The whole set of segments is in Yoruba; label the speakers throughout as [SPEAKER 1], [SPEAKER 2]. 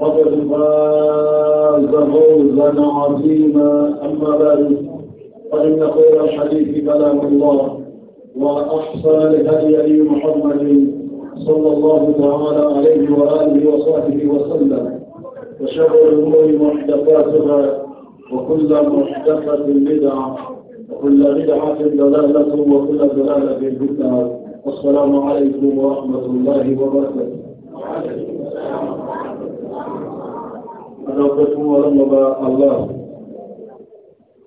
[SPEAKER 1] قد فاز فوزا عظيما أما بعد فإن خير الحديث كلام الله وأحسن الهدي محمد صلى الله تعالى عليه وآله وصحبه وسلم وشر الأمور محدثاتها وكل محدثة بدعة وكل بدعة دلالة وكل دلالة بدعه والسلام عليكم ورحمة الله وبركاته. adáwọ́pẹ́ fún ọlọ́mọba Allah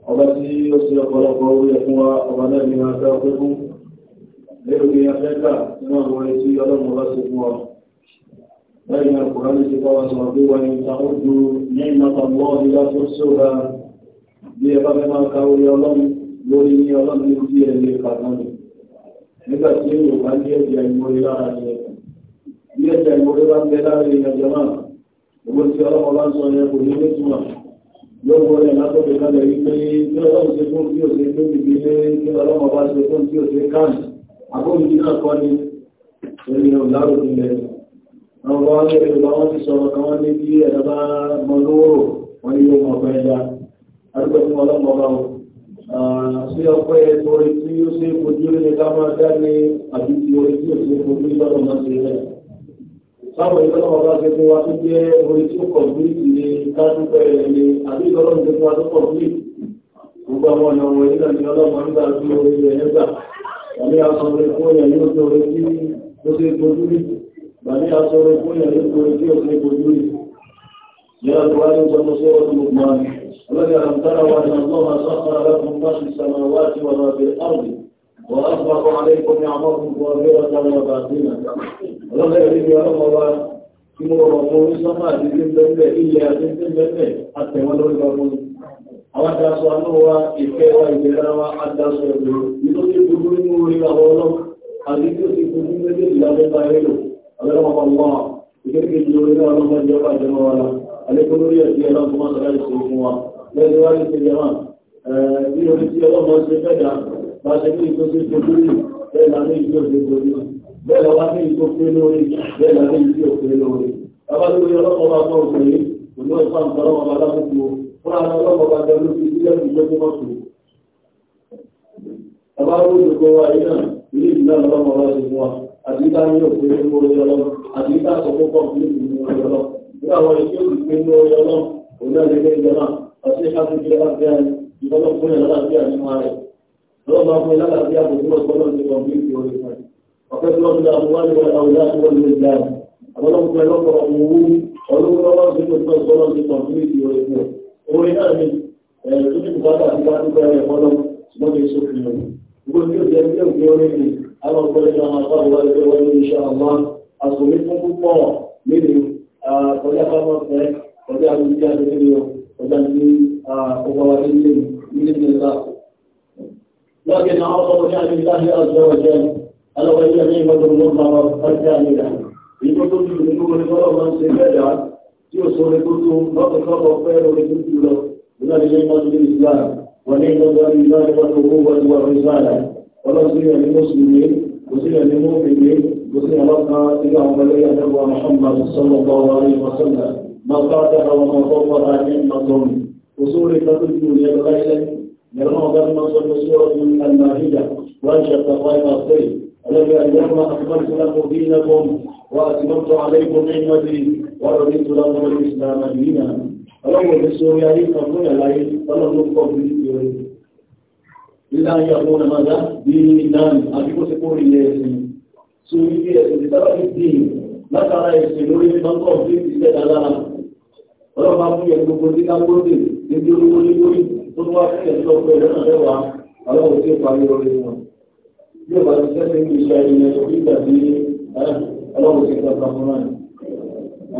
[SPEAKER 1] ọba tí ó sì ọ̀pọ̀lọpọ̀ orí ẹ̀fún wa ọba náà ni adáwọ́pẹ́ fún lérò ní afẹ́kà nínú àwọn ẹni tí ọlọ́mọba sì fún wa lẹ́yìn àkùrá ní ti bá wa sọ̀rọ̀ pé wọ́n ta ó ju ní ìmọ̀ta mọ́ nígbà tó sóra bí ẹ bá fẹ́ máa ka orí ọlọ́run lórí ní ọlọ́run ní ẹ̀jẹ̀ ìmọ̀lẹ́ bá ń bẹ lára ìrìnàjò náà owó tí ọlọ́pàá bá ń sọ yẹn kò ní ní túmọ̀ yóò wọ ẹ̀ látọ̀kẹ́ kalẹ̀ yìí pé kí ọlọ́run ṣe fún kí òṣè tó ti gbé kí ọlọ́pàá bá ṣe fún kí òṣè kàn àbóyí náà kọ́ ni ènìyàn láròkè lẹ̀ àwọn bá wọn lè bá wọn ti sọ̀rọ̀ kan wọn ní bí ẹ̀dá bá mọ lówó wọn ni yóò mọ ọ̀pẹ ẹ̀dá àdúgbò fún ọlọ́pàá bá wọn sí ọpẹ́ orí tí ó ṣe fojú lé ní ká máa dá ní àbí ti orí tí ó báwo ni ọlọ́wọ́ bá gbé fún wa tó jẹ́ orí tí ó kọ̀ ní ìdílé kájú bẹ̀rẹ̀ ni àbí ìtọ́lọ́run gbé fún wa tó kọ̀ ní gbogbo àwọn ọ̀nà wọ̀nyí náà ni ọlọ́wọ́ nígbà tí orí rẹ̀ nígbà tàbí asọ̀rọ̀ fún èèyàn yóò tó orí tí ó ṣe gbójú rí tàbí asọ̀rọ̀ fún èèyàn yóò tó orí tí ó ṣe gbójú rí. يا أخواني ومسيرة لقمان الذي ألم تروا أن ọlọ́pàá yìí ni ọlọ́pàá wa kí mo rọ̀ mọ́ orí sọ́mà àti ilé bẹ́ẹ̀ ilẹ̀ àti ilé bẹ́ẹ̀ àtẹ̀wọ́n lórí ọmọ àwọn adaṣọ àánú wa ìfẹ́ wa ìlera wa adaṣọ ẹ̀dọ́ nítorí gbogbo nínú orí àwọn ọlọ́pàá àti tí ó ti kú ní méjèèjì lábẹ́ bá yẹn lò ọlọ́pàá wa ìkékeré lórí náà ọlọ́pàá jẹ́ wà jẹ́ wọn wa àlékún lórí ẹ̀sìn ẹlọ́pàá sọ̀rọ̀ ìṣòro fún wa lẹ́yìn wá ní ìṣẹ̀lẹ̀ náà bí orí tí ọlọ́pàá ṣe bẹ́ẹ̀ lọ wá sí ìtò pé lórí bẹ́ẹ̀ lọ sí ìtò pé lórí bàbá tó yẹ ọlọ́pàá bá tọ̀ pé kò ní ọ̀pá nǹkan ọlọ́pàá bá lábùkù fún àwọn ọlọ́pàá bá jẹ lóṣù sílẹ̀ ìjọ tó mọ̀tò. bàbá tó yẹ kó wa yìí náà ilé ìdílé ọlọ́pàá bá ti mú wa àti ká ní òpè lórí ọlọ́pàá àti ká sọ fún kọ́ọ̀pù lórí ọlọ́pàá bí àwọn ìṣe òpè lórí ọlọ́pàá òun وكثرة الأموال والأولاد والولدان ولو بلغ أمور ولو بلغ في التصور في تنفيذ والإثنين هو يأمن تجد بعض أحبابك يقولون سبب يسوك منه يقول كيف يمكن يقولني أنا أقول إن الله والإخوان إن شاء الله أصلكم الله منه فلقى مرتك وجعل الجهد منه وجعل من أبوائهم من الله لكن أعظم شأن الله عز وجل ọlọ́wọ́ ilé ní ìgbọ́dọ̀ ló máa wọ ọjà nílà ìgbọ́ tó ju nínú orí bọ́lọ̀ máa ń ṣe mẹ́ta tí ó sọ orí tó tó lọ́kọ̀ọ́kọ́ fẹ́ lórí tó jù lọ nígbà tí ilé ìgbọ́dọ̀ lè ṣílá wọn ní ìgbọ́dọ̀ lè ṣílá nípa tó kó wọ́n wà ní ìṣáàlà ọlọ́sílẹ̀ ní mùsùlùmí òsílẹ̀ ní mùsùlùmí òsílẹ̀ lọ́kàn ilé àwọn ọmọlẹ́yà àtẹ́wọ̀ Muhammad sallallahu alaihi wasallam máa bá dára wọn máa bọ́ wọn àti ìmọ̀tọ́mù وصول تدل للغير لرغم ما صلى سورة المائدة وانشأت غير الطيب الذي اليوم أكملت لكم دينكم وأتممت عليكم نعمتي ورضيت لكم الإسلام دينا ọlọ́wọ́ ní sórí ayé kan fún ìyàláyé ọlọ́run pọ̀ bí i rẹ̀ nílá ayé àwọn ọmọdá bí i ìdáni àbíkóṣepó ilẹ̀ ẹ̀sìn tí ó yí ẹ̀sìn ti sábà ní bí i látara ẹ̀sìn lórí mọ́tò bí i ìṣẹ́ dáadáa ọlọ́run máa fún yẹn gbogbo ní kágbóde ní bí olówó ní lórí tó wá fún yẹn tó ọgbẹ́ ìdáná rẹwà ọlọ́run tí ó parí lórí wọn yóò bá ti sẹ́sẹ̀ kí iṣẹ́ ilé orí tàbí ọlọ́run ti kọ́ kan fúnra ẹ̀.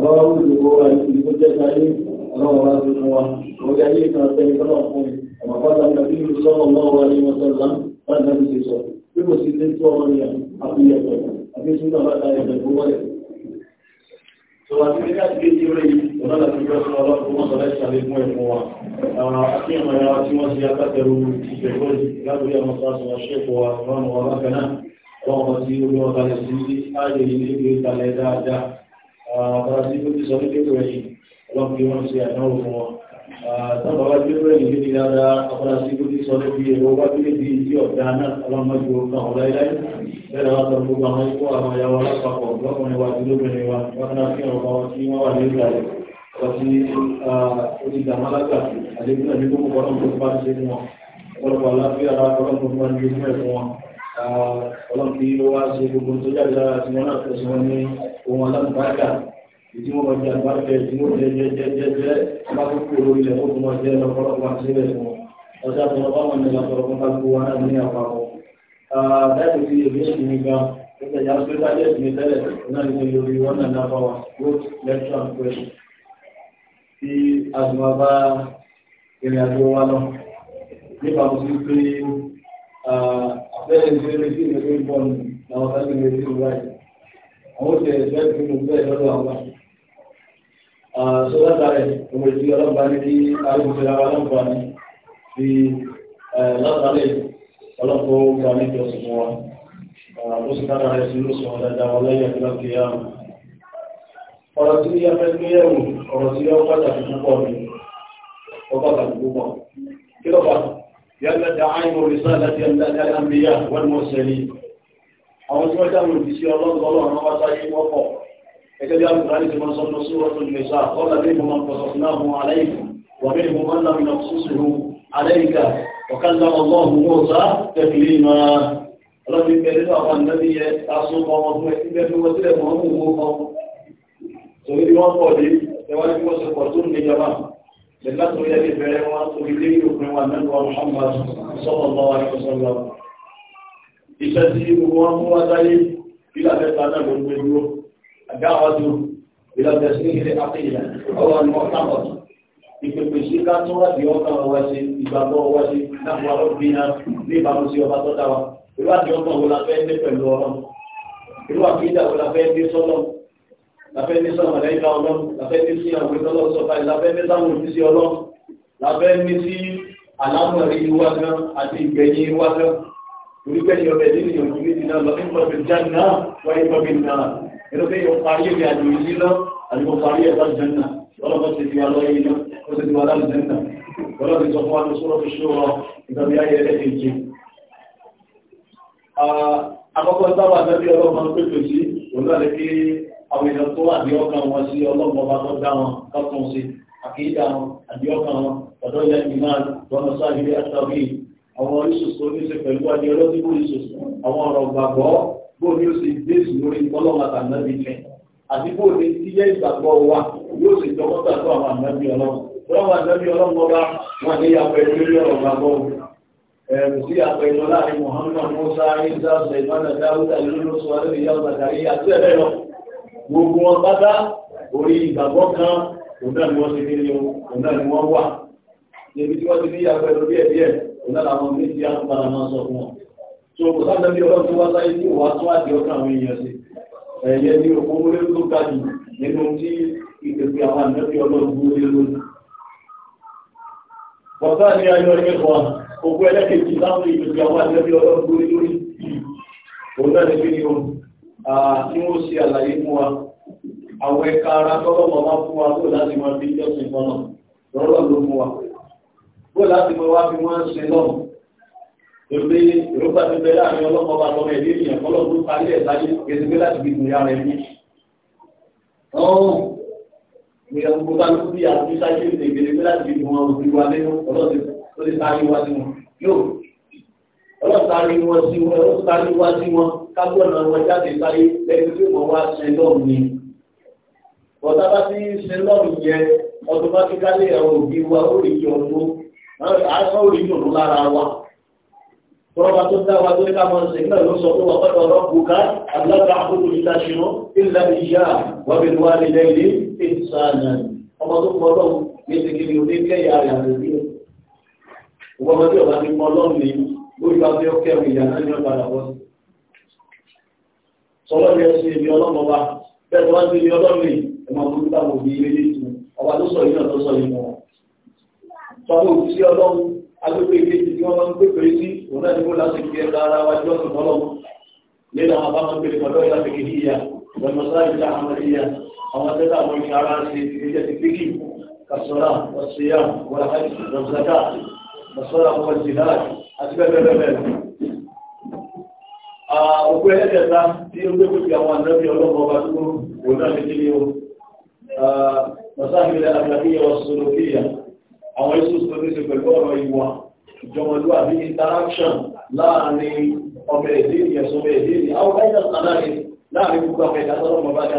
[SPEAKER 1] àwọn olùdó kó wa ní ìlú jẹ́ káyé ọlọ́run wá sí wa orí ayé kan sẹ́ni tọ́lọ̀ fún mi ọmọ pátá tàbí ìlú sọ́nà náà wà ní wọn sọ́nà láti náà ti sọ bí kò sí ilé tó ọmọ nìyà àbí ẹ̀fẹ̀ àbí sínú àbáta ẹ̀fẹ̀ tó wọlé Ìwàtí ní káàkiri tí ó rí ọ̀dọ́dà tí ó sọ ọlọ́pùú mọ́ sọ̀rọ̀ ìṣàlékún ẹ̀fún wa. Àwọn akíyàn mọ̀ yára tí wọ́n ti akátẹrù ìṣẹ̀kọ́ lábúrí àwọn sọ́sọ̀ ṣẹ́kọ̀ọ́ wa, ọ̀rọ̀ wọn bákan náà, wọ́n wọ́n tí ó lọ́wọ́ kalẹ̀ sí ààyè ilé ìgbé ìtàlẹ̀ dáadáa. Àwọn akọ́ra tí ó ti sọ ní kékeré yìí, ọlọ́pùú wọn ṣe àdánwò fún wọn tọ́lọ́ wá gbé bẹ́ẹ̀ yìí ní dára afurasí tó ti sọ níbi èrò wá gbé bí tí ọ̀dà náà ọlọ́mọdé kan ọ̀la ilá bẹ́ẹ̀ wá sọ gbogbo àwọn ikú àwọn ìyàwó alápapọ̀ lọ́kùnrin wa ti lóbìnrin wa wákàtí kí ọ̀pá wọn tí wọ́n wà ní ìgbà rẹ̀ ọtí onídàmálágbà àlejò náà ní gbogbo ọlọ́run tó bá ti ṣe fún wọn ọlọ́pàá aláfíà ó wá ṣe gbogbo tó jáde lára tí wọ́n náà tẹ̀sí ní ohun alámùbáyà ìdí wọn jẹ àgbàjẹ ìdí wọn jẹ jẹ jẹ jẹ jẹ bá tó kú olórí ilẹ̀ fún wọn jẹ lọ́pọ̀lọpọ̀ àti ilẹ̀ fún wọn ọjà tó lọ́pọ̀ wọn nílẹ̀ lọ́pọ̀lọpọ̀ bá gbó wa náà ní àpapọ̀. bẹ́ẹ̀ ti èmi èsì mi gan nígbà yà pé bájẹ́ ìsinmi tẹ́lẹ̀ náà ní olórí wọn náà náà bá wa both lecture and question. tí àgbà bá ìrìn àjò wa lọ nípa mo ti pé abẹ́rẹ́ ìṣẹ́lẹ̀ sí ìrìn àjò ìbọn àwọn sáà sọ́lọ́ta rẹ̀ ìwé tí ọlọ́pàá ní kí arúgbóṣẹ́lá wa lọ́pàá ní fi látàlẹ̀ ọlọ́pàá ọgbà ní ìjọsìn fún wa ó sì kára rẹ̀ sí ló sọ dáadáa wọn lẹ́yìn ìpínlẹ̀ kìíyàmù ọ̀rọ̀ tí yẹ fẹ́ gbé yẹ̀wò ọ̀rọ̀ tí yẹ pàtàkì púpọ̀ ni ó pàtàkì púpọ̀ kí lọ́pàá yàgbà dá àìmọ̀ rìsá wọ́n mọ̀ àwọn tí wọ́n ọlọ́run wọ́n sáyé wọ́pọ̀ كتب القرآن كما صلى سورة النساء قال منهم من قصصناه عليكم ومنهم من لم نقصصه عليك وكلم الله موسى تكليما ọlọ́bí pẹ̀lú àwọn ìnáwí yẹ tásùnmọ́ ọmọ fún ẹgbẹ́ fún wọ́n sílẹ̀ wọ́n mú owó kan torí bí wọ́n pọ̀ dé ẹwọ́n tí wọ́n ṣe pọ̀ tó ní ìjọba lẹ́gbà tó yẹ kí bẹ̀rẹ̀ wọn torí lé òpin wa nínú ọmọ ọmọ sọ́mọ ọmọ wa yóò sọ lọ. iṣẹ́ tí gbogbo wọn mú wá sáyé bí làbẹ́ta náà ló ń gbé dúró الدعوة إلى تسليم العقيدة هو المعتقد ìpèpèsí ká tún wádìí ọkàn wa ṣe ìgbàgbọ́ wa ṣe láwọn ọ̀gbìnà ní ìbámu sí ọba tó dáwà ìwádìí ọkàn wo la fẹ́ dé pẹ̀lú ọlọ́run irú àkídà wo la fẹ́ dé sọ́lọ́ la fẹ́ dé sọ́lọ́ lẹ́yìn ọlọ́run la fẹ́ dé sí àwọn ìtọ́lọ́ sọ́fà la fẹ́ dé sáwọn òṣìṣẹ́ ọlọ́run la fẹ́ dé sí alámọ̀rí wa gan àti ìgbẹ̀yìn wa gan orí gbẹ̀yìn ọbẹ̀ nínú ẹ̀rọ pé yóò parí ìrìn àjò yìí lọ àdìgbò parí ẹ̀fà jẹ́nà ọlọ́pọ̀ ti fi alọ́ yìí lọ ó ti fi wà láti jẹ́nà ọlọ́pọ̀ ti sọ fún wa tó sọ́rọ́ fi ṣòro ìgbàgbé ayé ẹlẹ́kẹ̀ẹ́jì. àkọ́kọ́ táwọn àtẹ́bí ọlọ́pàá ń pèpè sí òun náà lè kí àwọn èèyàn tó bóò ní o sì dé ìṣòro ìtọ́lọ́wọ́ àtàlẹ́bí fẹ́ àti bóò ní tíyẹ́ ìgbàgbọ́ wa yóò sì jọ mọ́tà tó àwọn ànábì ọlọ́run ọlọ́run ànábì ọlọ́run ọba wọn ní apẹ lórí ọ̀rọ̀ gbàgbọ́ ẹ̀rù sí apẹ lọ láàrin Muhammad Musa isa sèmánà dáúdà lórí sọ àlẹ́yà ọ̀gbàdàrí àti ẹ̀rẹ́ lọ gbogbo wọn pátá orí ìgbàgbọ́ kan òun náà ni wọ́n ti nílé òun náà ni wọ́n wà níbi tí wọ́n ti ní apẹ lórí ẹ̀ díẹ̀ òun náà làwọn méjì á tó kò sáà lẹ́bí ọlọ́run tó wá sáyé tí wà tó àti ọkàn àwọn èèyàn sí ẹ̀yẹ ní òkú múlé tó ga jù nínú tí ìpèpè àwọn àmẹ́bí ọlọ́run gbúrú lé lónìí. Bọ̀dá ni ayọ̀ ẹ̀kọ́ òkú ẹlẹ́kẹ̀ẹ́jì láwọn ìpèpè àwọn àmẹ́bí ọlọ́run gbúrú lórí. Òun náà ni kí ni o, tí wọ́n ṣe àlàyé fún Èmi ìrọ́gbà ti bẹ láàrin ọlọ́mọ bá lọ́mọ ẹ̀dí ènìyàn kọ́lọ́ tó parí ẹ̀ láyé gẹ́gẹ́ láti fi gbìyà rẹ̀ ní. Ọ̀hún ìyẹn gbogbo bá ló bí àti sáyé ìdè gẹ́gẹ́ láti fi gbìyà òbí wa nínú ọlọ́dẹ tó lè sáré wá sí wọn. Yóò ọlọ́sáré wọn sí wọn ọlọ́sáré wá sí wọn jáde sáyé lẹ́yìn tí wọ́n wá ṣe lọ́ọ̀mù ni. Bọ̀dá bá ti ṣe lọ́ọ̀mù yẹn ọdún bá ti tọ́lọ́ba tó dá wa tó ní káwọn ṣe náà ló sọ pé wà pẹ́lú ọ̀rọ̀ bùkà alága àkókò níta ṣinú ilẹ̀ ìyá wà bí wà ní lẹ́yìn ìsànà ọmọ tó pọ̀ lọ́wọ́ ní ti kiri ní kẹ́yà rẹ̀ àti ìdí ọmọ ọmọdé ọba ní pọ̀ lọ́wọ́ ní lórí wa bí ó kẹ́rù ìyá náà agbègbè ìdíje tí wọ́n máa ń gbé pèrè sí òun náà ni wọ́n láti fi ẹ̀rọ ara wa jọ́ ọ̀sùn tọ́lọ̀ lẹ́nu àwọn bá máa ń gbé lọ́dọ̀ ìlà pèkìlì ìyá ìgbàlùmọ̀sáàbí tá àwọn ìyá àwọn tẹ́lẹ̀ àwọn ìyá ara ṣe ìgbésẹ̀ ti píkì kàṣọ́ra ọ̀ṣẹ́yà wàhálà kàṣọ́ra ọ̀ṣẹ́yà àti bẹ́ẹ̀ bẹ́ẹ̀ bẹ́ẹ̀ òkú ẹlẹ́dẹ̀ẹ́ta tí ó gbé pípẹ́ àwọn ànábì ọlọ́pàá ọba tó òun náà ní kílé o masáàbí àwọn issues tó ní ṣe pẹ̀lú ọ̀rọ̀ ìwà ìjọmọlúwàbí interaction láàrin ọmọ èdè ìyẹ̀sọmọ èdè ìyẹ̀ àwọn ẹ̀yà sàdáyé láàrin gbogbo àwọn ẹ̀dá tọ́lọ́ ọmọ bájá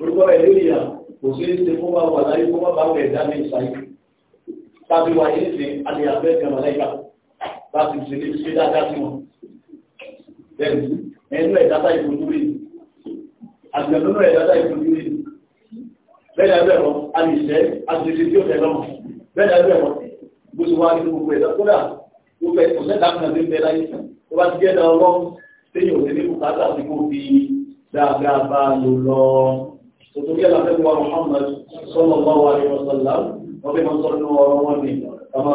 [SPEAKER 1] orúkọ èdè ìyà kò sí ṣe fún wa wà láyé fún wa bá wọ ẹ̀dá ní ìsáyé tàbí wáyé ṣe alẹ́ abẹ́ ìjọmọlẹ́gbà bá ti ṣe lè ṣe dáadáa sí wọn ẹnu ẹ̀ dáadáa ìfojú rí àgbẹ̀lónú ẹ̀ dáadáa ìfojú rí bẹ́ẹ̀ ni bẹ́ẹ̀ ni ẹgbẹ́ wọn bó ti wá ní gbogbo ẹ̀dá kódà ó fẹ́ kò sẹ́ta kan ní bẹ́ẹ̀ láyé sàn tó bá ti jẹ́ da ọlọ́run téèyàn ò ní ní bùkátà tí kò fi dáadáa bá a lò lọ. Tòtò bí àlàfẹ́ wa Muhammad sọ́nà bá wa ní ọ̀sánlá wọ́n fi máa sọ́nà ọ̀rọ̀ wọn ni kama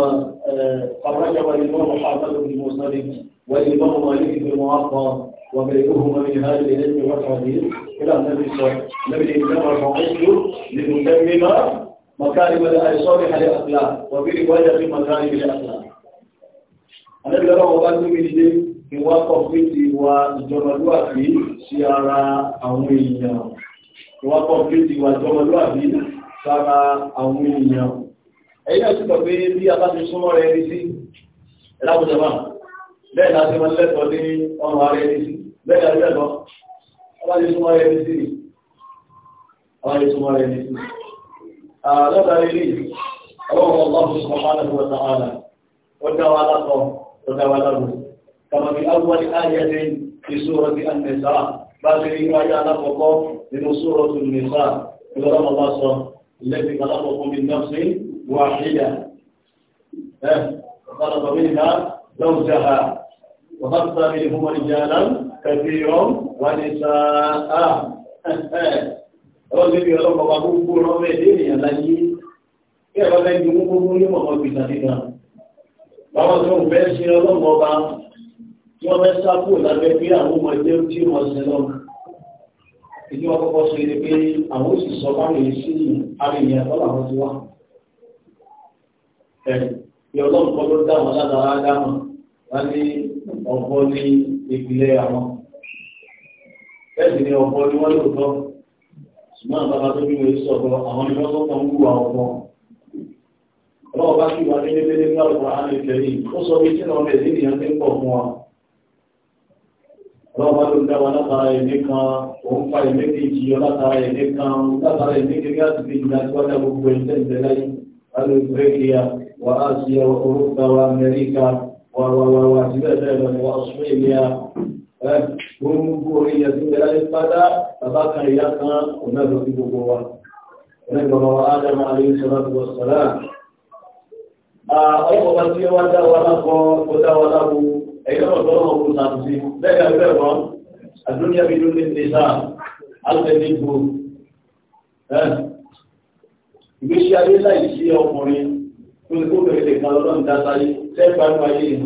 [SPEAKER 1] kàmájà wa ní wọ́n Muhammad ní Mùsùlùmí wọ́n ní bá wọn ní ìfẹ́ wọn akọ wọ́n bẹ̀rẹ̀ kó wọn ní ìhà ilẹ̀ ní wọ́n kàdé مكارم الصالح لأخلاق وفي رواية مكارم الأخلاق أنا بيرى وقت من ذلك ni wọ́n kọ́ pé ti wa ìjọmọlúwàbí sí ara àwọn èèyàn ni wọ́n kọ́ pé ti wa ìjọmọlúwàbí sára àwọn èèyàn ẹ̀yìn náà túnbọ̀ pé bí a bá ti súnmọ́ rẹ̀ rí sí ẹ̀lábùjọba bẹ́ẹ̀ láti wọ́n lẹ́tọ̀ọ́ ní ọrùn ara ẹni sí bẹ́ẹ̀ láti lẹ́tọ̀ọ́ ọba ti súnmọ́ rẹ̀ rí sí ọba ti súnmọ́ rẹ̀ rí sí Ah, lọ́dà ilé ọlọ́run ọlọ́run subhanahu wa ta'ala ó dá wa látọ̀ ó dá wa lábò kàmá bí awwal ayati fi surati an-nisa bá ti rí ayé alákọ̀ọ́kọ́ nínú suratu an-nisa ìlọ́rọ̀ bá sọ الذي خلقكم من نفس واحدة خلق منها زوجها وخلق منهما رجالا كثيرا ونساء ọlọ́dún bí ọlọ́kọ̀ bá gbogbo rọ́bẹ̀ léèyàn láyé kí ẹ̀rọ bẹ́ẹ̀ ju gbogbo ní mọ̀mọ́ gbìyànjú nígbà báwọn tó ń fẹ́ ṣe ọlọ́kọ̀ bá tí wọ́n fẹ́ sáàpù lábẹ́ pé àwọn ọmọ ẹgbẹ́ tí wọ́n ṣe lọ ìdí wọn kọ́kọ́ ṣe ni pé àwọn sì sọ báwọn èyí sí arìnrìn ẹ̀kọ́ làwọn ti wá ẹ̀ ọlọ́kọ̀ ló dá wọn ládàá dáhùn wá ní ọ̀pọ̀ ní ìpìlẹ̀ àwọn bẹ́ẹ̀ ni ọ̀pọ̀ ni wọ́n lò tán ṣùgbọ́n àbábá tó bímọ yìí sọ̀rọ̀ àwọn ni wọ́n sọ̀tàn ń wúwa ọ̀pọ̀ ọlọ́wọ́ bá kí wà ní pélépélé ní àlùkò àánú ìtẹ̀lé ó sọ pé tí náà bẹ̀ sí ìyàn ti ń pọ̀ fún wa ọlọ́wọ́ bá ló ń dáwà látara ẹ̀mí kan òun fa ẹ̀mí kejì látara ẹ̀mí kan látara ẹ̀mí kejì láti fi ìgbà tí wọ́n dá gbogbo ẹ̀ tẹ́lẹ̀ láyé alẹ́ gbogbo orí ẹ̀sùn ìrẹ́lẹ́ pátá bàbá kan ìyá kan ọ̀nàdọ̀ sí gbogbo wa ẹgbẹ̀rọ adam alẹ́sọ́lọ́tọ̀sọ́lá ọlọ́pàá tí ó wá dáwà lápọ̀ ó dáwà lápọ̀ ẹ̀yọ́ ọ̀tọ́rọ̀ ọkùn sàtúnṣí lẹ́gbẹ̀ẹ́ bẹ́ẹ̀ wọ́n àdúnyà bí ló ní ṣe sáà alẹ́ni gbò ìgbésí ayé láì sí ọkùnrin tó ní kó bẹ̀rẹ̀ kan lọ́dọ̀ ń dá sáyé tẹ́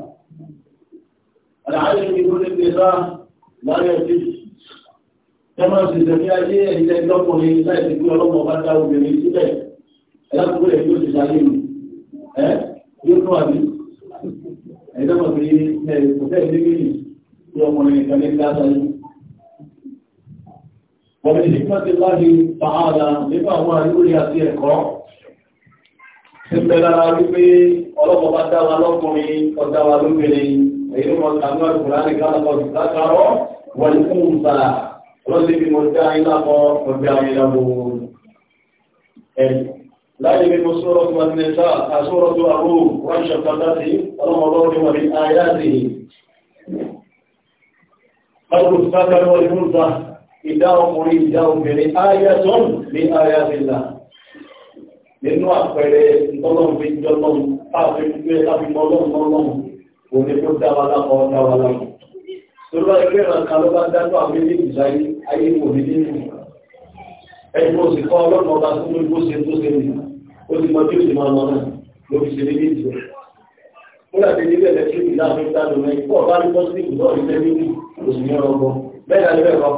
[SPEAKER 1] العالم بدون النظام لا يجوز tẹ́lá ti tẹ̀lé ayé ẹ̀yẹ lọ́kùnrin láìsí pé ọlọ́mọ bá dá obìnrin síbẹ̀ ẹlẹ́kùnkùn rẹ̀ yóò ti sáyé mi ẹ́ yóò tún àbí ẹ̀dọ́mọ̀ pé ẹ̀ kò fẹ́ ní bí tí ọkùnrin nìkan ní ká sáyé. Bọ̀dé ní kan ti láti fàhálà nípa àwọn àríwòrí àti ẹ̀kọ́. Ṣé ń bẹ lára èyí mọ̀ sàmú àkùránì kálọ̀kọ̀ ìtàkàrọ̀ wọ́n kú ń bá lọ́sí bí mo dá iná kọ́ ọgbẹ́ ayélujáwó ẹ̀rí láyé bí mo sọ̀rọ̀ tó wọ́n nẹ́sà àsọ̀rọ̀ tó àrò wọ́n ṣàkàtà sí ọlọ́mọlọ́wọ́ ni wọ́n ní ayá sí i. Ọdún ìtàkàrọ̀ ìfúnta ìdá ọkùnrin ìdá obìnrin ayá tó ní ayá sí i nínú àpẹẹrẹ ìtọ́lọ́mù fi jọ́ lọ́mù òní tó dáwà lápọ̀ dáwà lápọ̀. Tolúwa ẹgbẹ́ ìrànká ló bá dájọ́ àwọn ilé ìgbàyé ayé kò ní nínú. Ẹgbẹ́ òsì kọ́ ọlọ́pàá bá tún lórí bó ṣe tó ṣe nì. Ó ti mọ bí ó ti máa mọ náà ló fi ṣe níbi ìjọ. Múlà ti ní bẹ̀rẹ̀ tí ìlà fi ń dájọ́ náà ikú ọ̀bá ní pọ́sítìkì náà ní tẹ́lẹ̀ ní oṣù ní ọgbọ́. Bẹ́ẹ̀ ni bẹ́ẹ̀ kọ́.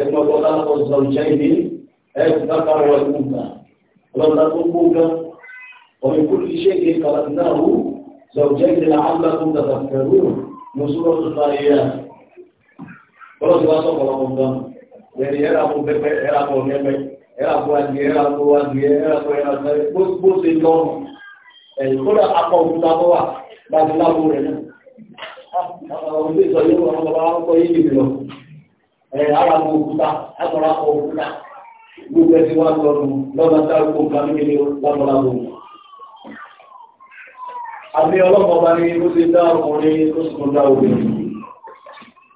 [SPEAKER 1] Ẹgbẹ́ ọgbọ́ lápọ̀ sọ̀rọ̀ jẹ́ ìdí. Ẹgbẹ́ bá زوجين لعلكم تذكرون من سورة الطاريات ولو بá sọ̀rọ̀ ọ̀gbọ̀n lẹ́ni ẹ̀ràkó pẹ́pẹ́ ẹ̀ràkó mẹ́mẹ́ ẹ̀ràkó adìẹ ẹ̀ràkó adìẹ ẹ̀ràkó ẹ̀ràkó gbogbo ṣe lọ́rùn ẹ̀yìn kódà akọ òkúta bọ́ wà láti lábò rẹ̀ náà àwọn ilé ìsọ yóò wọn bàbá wọn kọ yìí lọ ẹ̀ àràkó òkúta àtọ̀ràkó òkúta gbogbo ẹ̀sìn wa lọ́rùn lọ́nà tá àbí ọlọ́pọ̀ bá ní ló ti dá ọkùnrin tó sùn dá obìnrin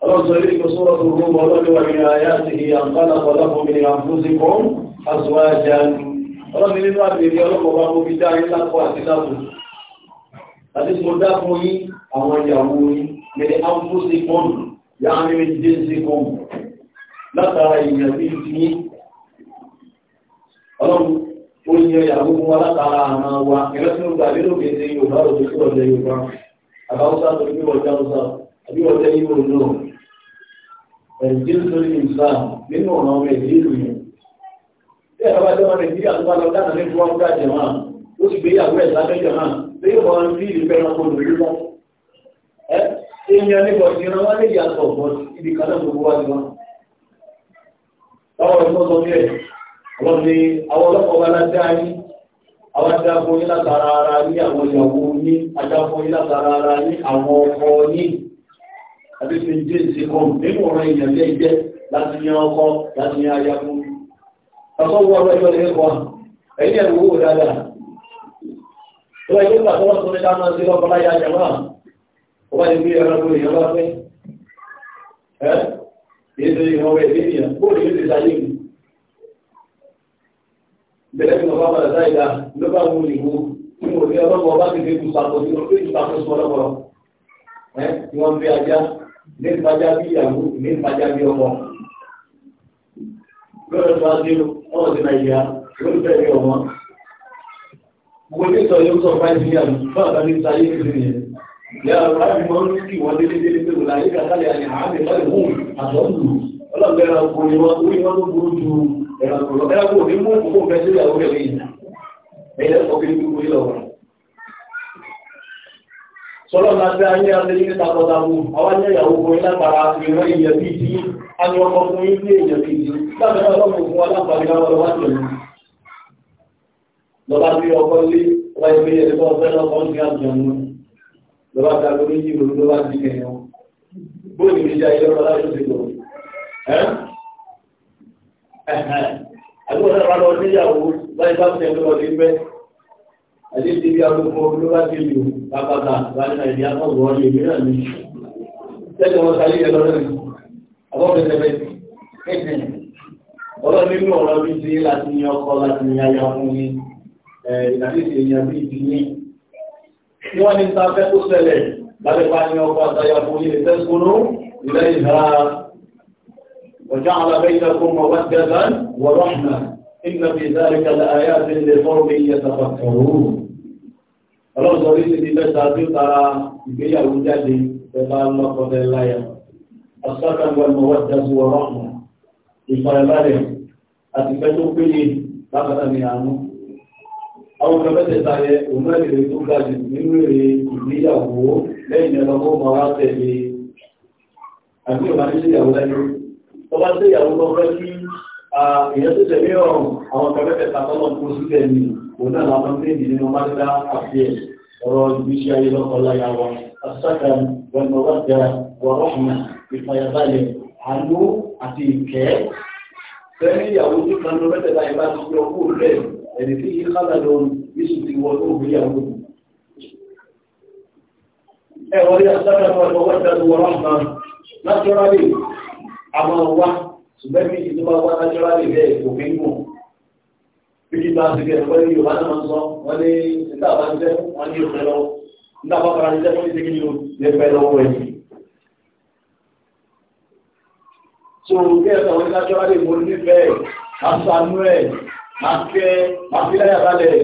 [SPEAKER 1] ọlọ́sọ̀ ilé ìkọsọ́rọ̀ tó gbogbo ọlọ́dẹ́wà ní ayá ti hì àǹkálàpọ̀ lápòmìnira fún sí kan aṣọ́ájá ọlọ́pìn nínú àbìrí ọlọ́pọ̀ bá mú fi dá ayé lápò àti lápò àti mo dá fún yí àwọn ìyàwó onye ya ìyàwó fún wa látara àmà wa ìrẹ́ tí ó gbà nínú gbèsè yorùbá lòdì sí ọ̀dẹ yorùbá àbáwọ́sá tó ní ọjà ọ̀sá ụzọ ọ̀dẹ yìí ò lò ẹ̀jẹ̀ nítorí ìsá nínú ọ̀nà ọmọ ẹ̀jẹ̀ ìlú yẹn. bí ẹ̀rọ bá jẹ́ ọmọ nàìjíríà tó bá lọ dáná o fún ọjà jẹ̀mọ́ ó sì gbéyàwó ẹ̀sá mẹ́jọ̀mọ́ pé yóò máa ń fi ìfẹ́ ọkọ̀ lórí lọ. ẹ ya wọ́n fi àwọn ọlọ́pàá wa láti ayé àwọn adáfo yín látara ara yín àwọn ìyàwó yín adáfo yín ara yín àwọn ọkọ yín àti fi jẹ́ nínú ọ̀rọ̀ èèyàn lé láti yan ọkọ láti yan ayabo ọkọ bẹ̀rẹ̀ bí ọba padà sáyidá ló bá wù ìwò tí mo rí ọlọ́pàá ọba ti fi kú papọ̀ sí ọdún ìgbà tó sọ ọlọ́pàá ẹ tí wọ́n fi ajá ní ìpàjá bí ìyàwó ní ìpàjá bí ọmọ. lọ́dọ̀ tó a dé ọ̀rọ̀ sí nàìjíríà lórí bẹ́ẹ̀ bí ọmọ. mo ní sọ yóò sọ fáìlì yíyà fún àbáni sáyé ìlú yẹn. ìyá ọ̀rọ̀ àbí wọn ń kí wọn dédédé pé wòlá yíká sálẹ̀ àyà àbẹ̀ ẹranko òní mú òkú bẹ sílẹ̀ orí ẹ̀rí ìyá ẹ̀yẹ ọkùnrin gbogbo ilẹ̀ ọ̀rọ̀ sọlọ náà fẹ́ ayé abẹ́lé ní takọ̀tàbù àwọn ayé ìyàwó kan lápára ìran ìyẹ̀ bíi ti a ní ọkọ̀ fún yín ní èèyàn bíi ti láti náà lọ́mọ fún wa lápára ìran ọ̀rọ̀ wá tẹ̀lé lọ́ba bí ọkọ̀ lé wá ìgbé ẹ̀rí kọ́ fẹ́ lọ́kọ̀ ní àjọ̀nù lọ́ba ta lórí yìí àdúgbò náà wà lọ níyàwó láyé bá tẹ̀ lọ ní bẹ́ àti ti bí agogo ló bá ti lù bàbàbà wà ní nàìjíríà náà wọ́n lè mí náà ní. sẹ́ni wọn sáré yẹn lọ́dọ̀ ní abọ́fẹ́sẹ̀fẹ́ ọlọ́run nínú ọ̀rọ̀ bí ti láti yan ọkọ láti yan aya fún yín ìdàgbé ti yan bí ti yín. tí wọ́n ní sáfẹ́ kó ṣẹlẹ̀ lábẹ́ bá yan ọkọ àtàyà وجعل بيتكم مودة ورحمة إن في ذلك لآيات لقوم يتفكرون Ọlọ́run sọ wípé ti mẹ́ta tí ó tara ìgbéyàwó jáde pẹ̀lá lọ́kọ̀ọ́dẹ láyà. Ọ̀sọ́kàgbọ́n mọ̀ wọ́n jẹ́ wọ́n rọ̀mù. Ìfọ̀rẹ̀lárẹ̀ àti fẹ́ tó péye lábàtà ní àánú. Àwọn kẹfẹ́tẹ̀ta yẹ òmìnirè tó ga jù nínú tó bá tẹ́ ìyàwó lọ fẹ́ kí èèyàn tó tẹ̀lé ọ̀rùn àwọn kẹfẹ́fẹ́ tàbọ́lọ̀ kó sílẹ̀ ní òun náà làwọn méjì nínú márídá àti ẹ̀ ọ̀rọ̀ ìgbésí ayé lọ́kọ̀ láyà wa asáka wẹ̀mọ̀wájà wọ̀rọ̀hùnà ìfàyàbalẹ̀ àánú àti ìkẹ́ fẹ́rẹ́ ìyàwó tí kan lọ mẹ́tẹ̀ẹ̀ta ìbá ti fi ọkọ̀ rẹ̀ ẹ̀rí tí yí kálà àwọn ọwá ṣùgbọ́n bí ìdí bá wá lájọ́ wá lè bẹ́ẹ̀ kò fi ń gùn bí kí bá ti bẹ̀rẹ̀ wọ́n ní yorùbá náà sọ wọ́n ní níta bá ń jẹ́ wọ́n ní ìpẹ́ lọ́wọ́ níta bá fara jẹ́ wọ́n ní ìdí lè pẹ́ lọ́wọ́ ẹ̀ so kí ẹ̀sán wọn ní lájọ́ wá lè mú nífẹ̀ẹ́ aṣáánú ẹ̀ máa fẹ́ máa fi láyà balẹ̀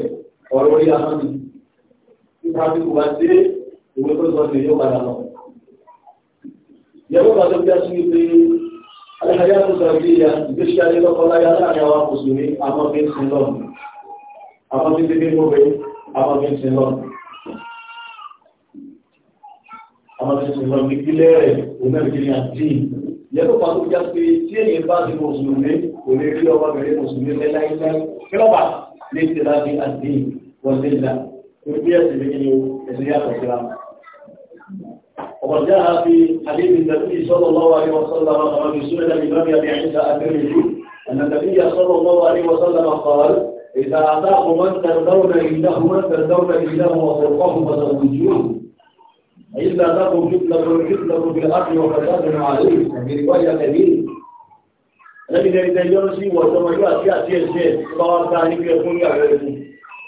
[SPEAKER 1] ọ̀rọ̀ orí asán nípa bí kò bá dé ìwé tó sọ Àlẹ́kàyà tó sọ bí ìyá ìgbésí ayé lọ́kọ́láyá láàrin àwọn Mùsùlùmí, àwọn bí ń sin lọ́nà. Àwọn tí ti bí gbogbo àwọn bí ń sin lọ́nà. Àwọn tí sin lọ́nà ìpínlẹ̀ rẹ̀ onẹ́rìndínlẹ̀ àti ìyẹ́tò pàtó já pé tí èyí bá ti Mùsùlùmí kò lè rí ọba bẹ̀rẹ̀ وقد جاء في حديث النبي صلى الله عليه وسلم وفي في سنة الإمام أبي عيسى الترمذي أن النبي صلى الله عليه وسلم قال إذا أعطاه من ترضون إله من ترضون إله وخلقه فزوجوه إلا لكم فتنة فتنة في الأرض وفساد عليه في رواية كبيرة الذي لا يرسي وتم يأتي أتي الشيء صار ثاني يكون يعرفه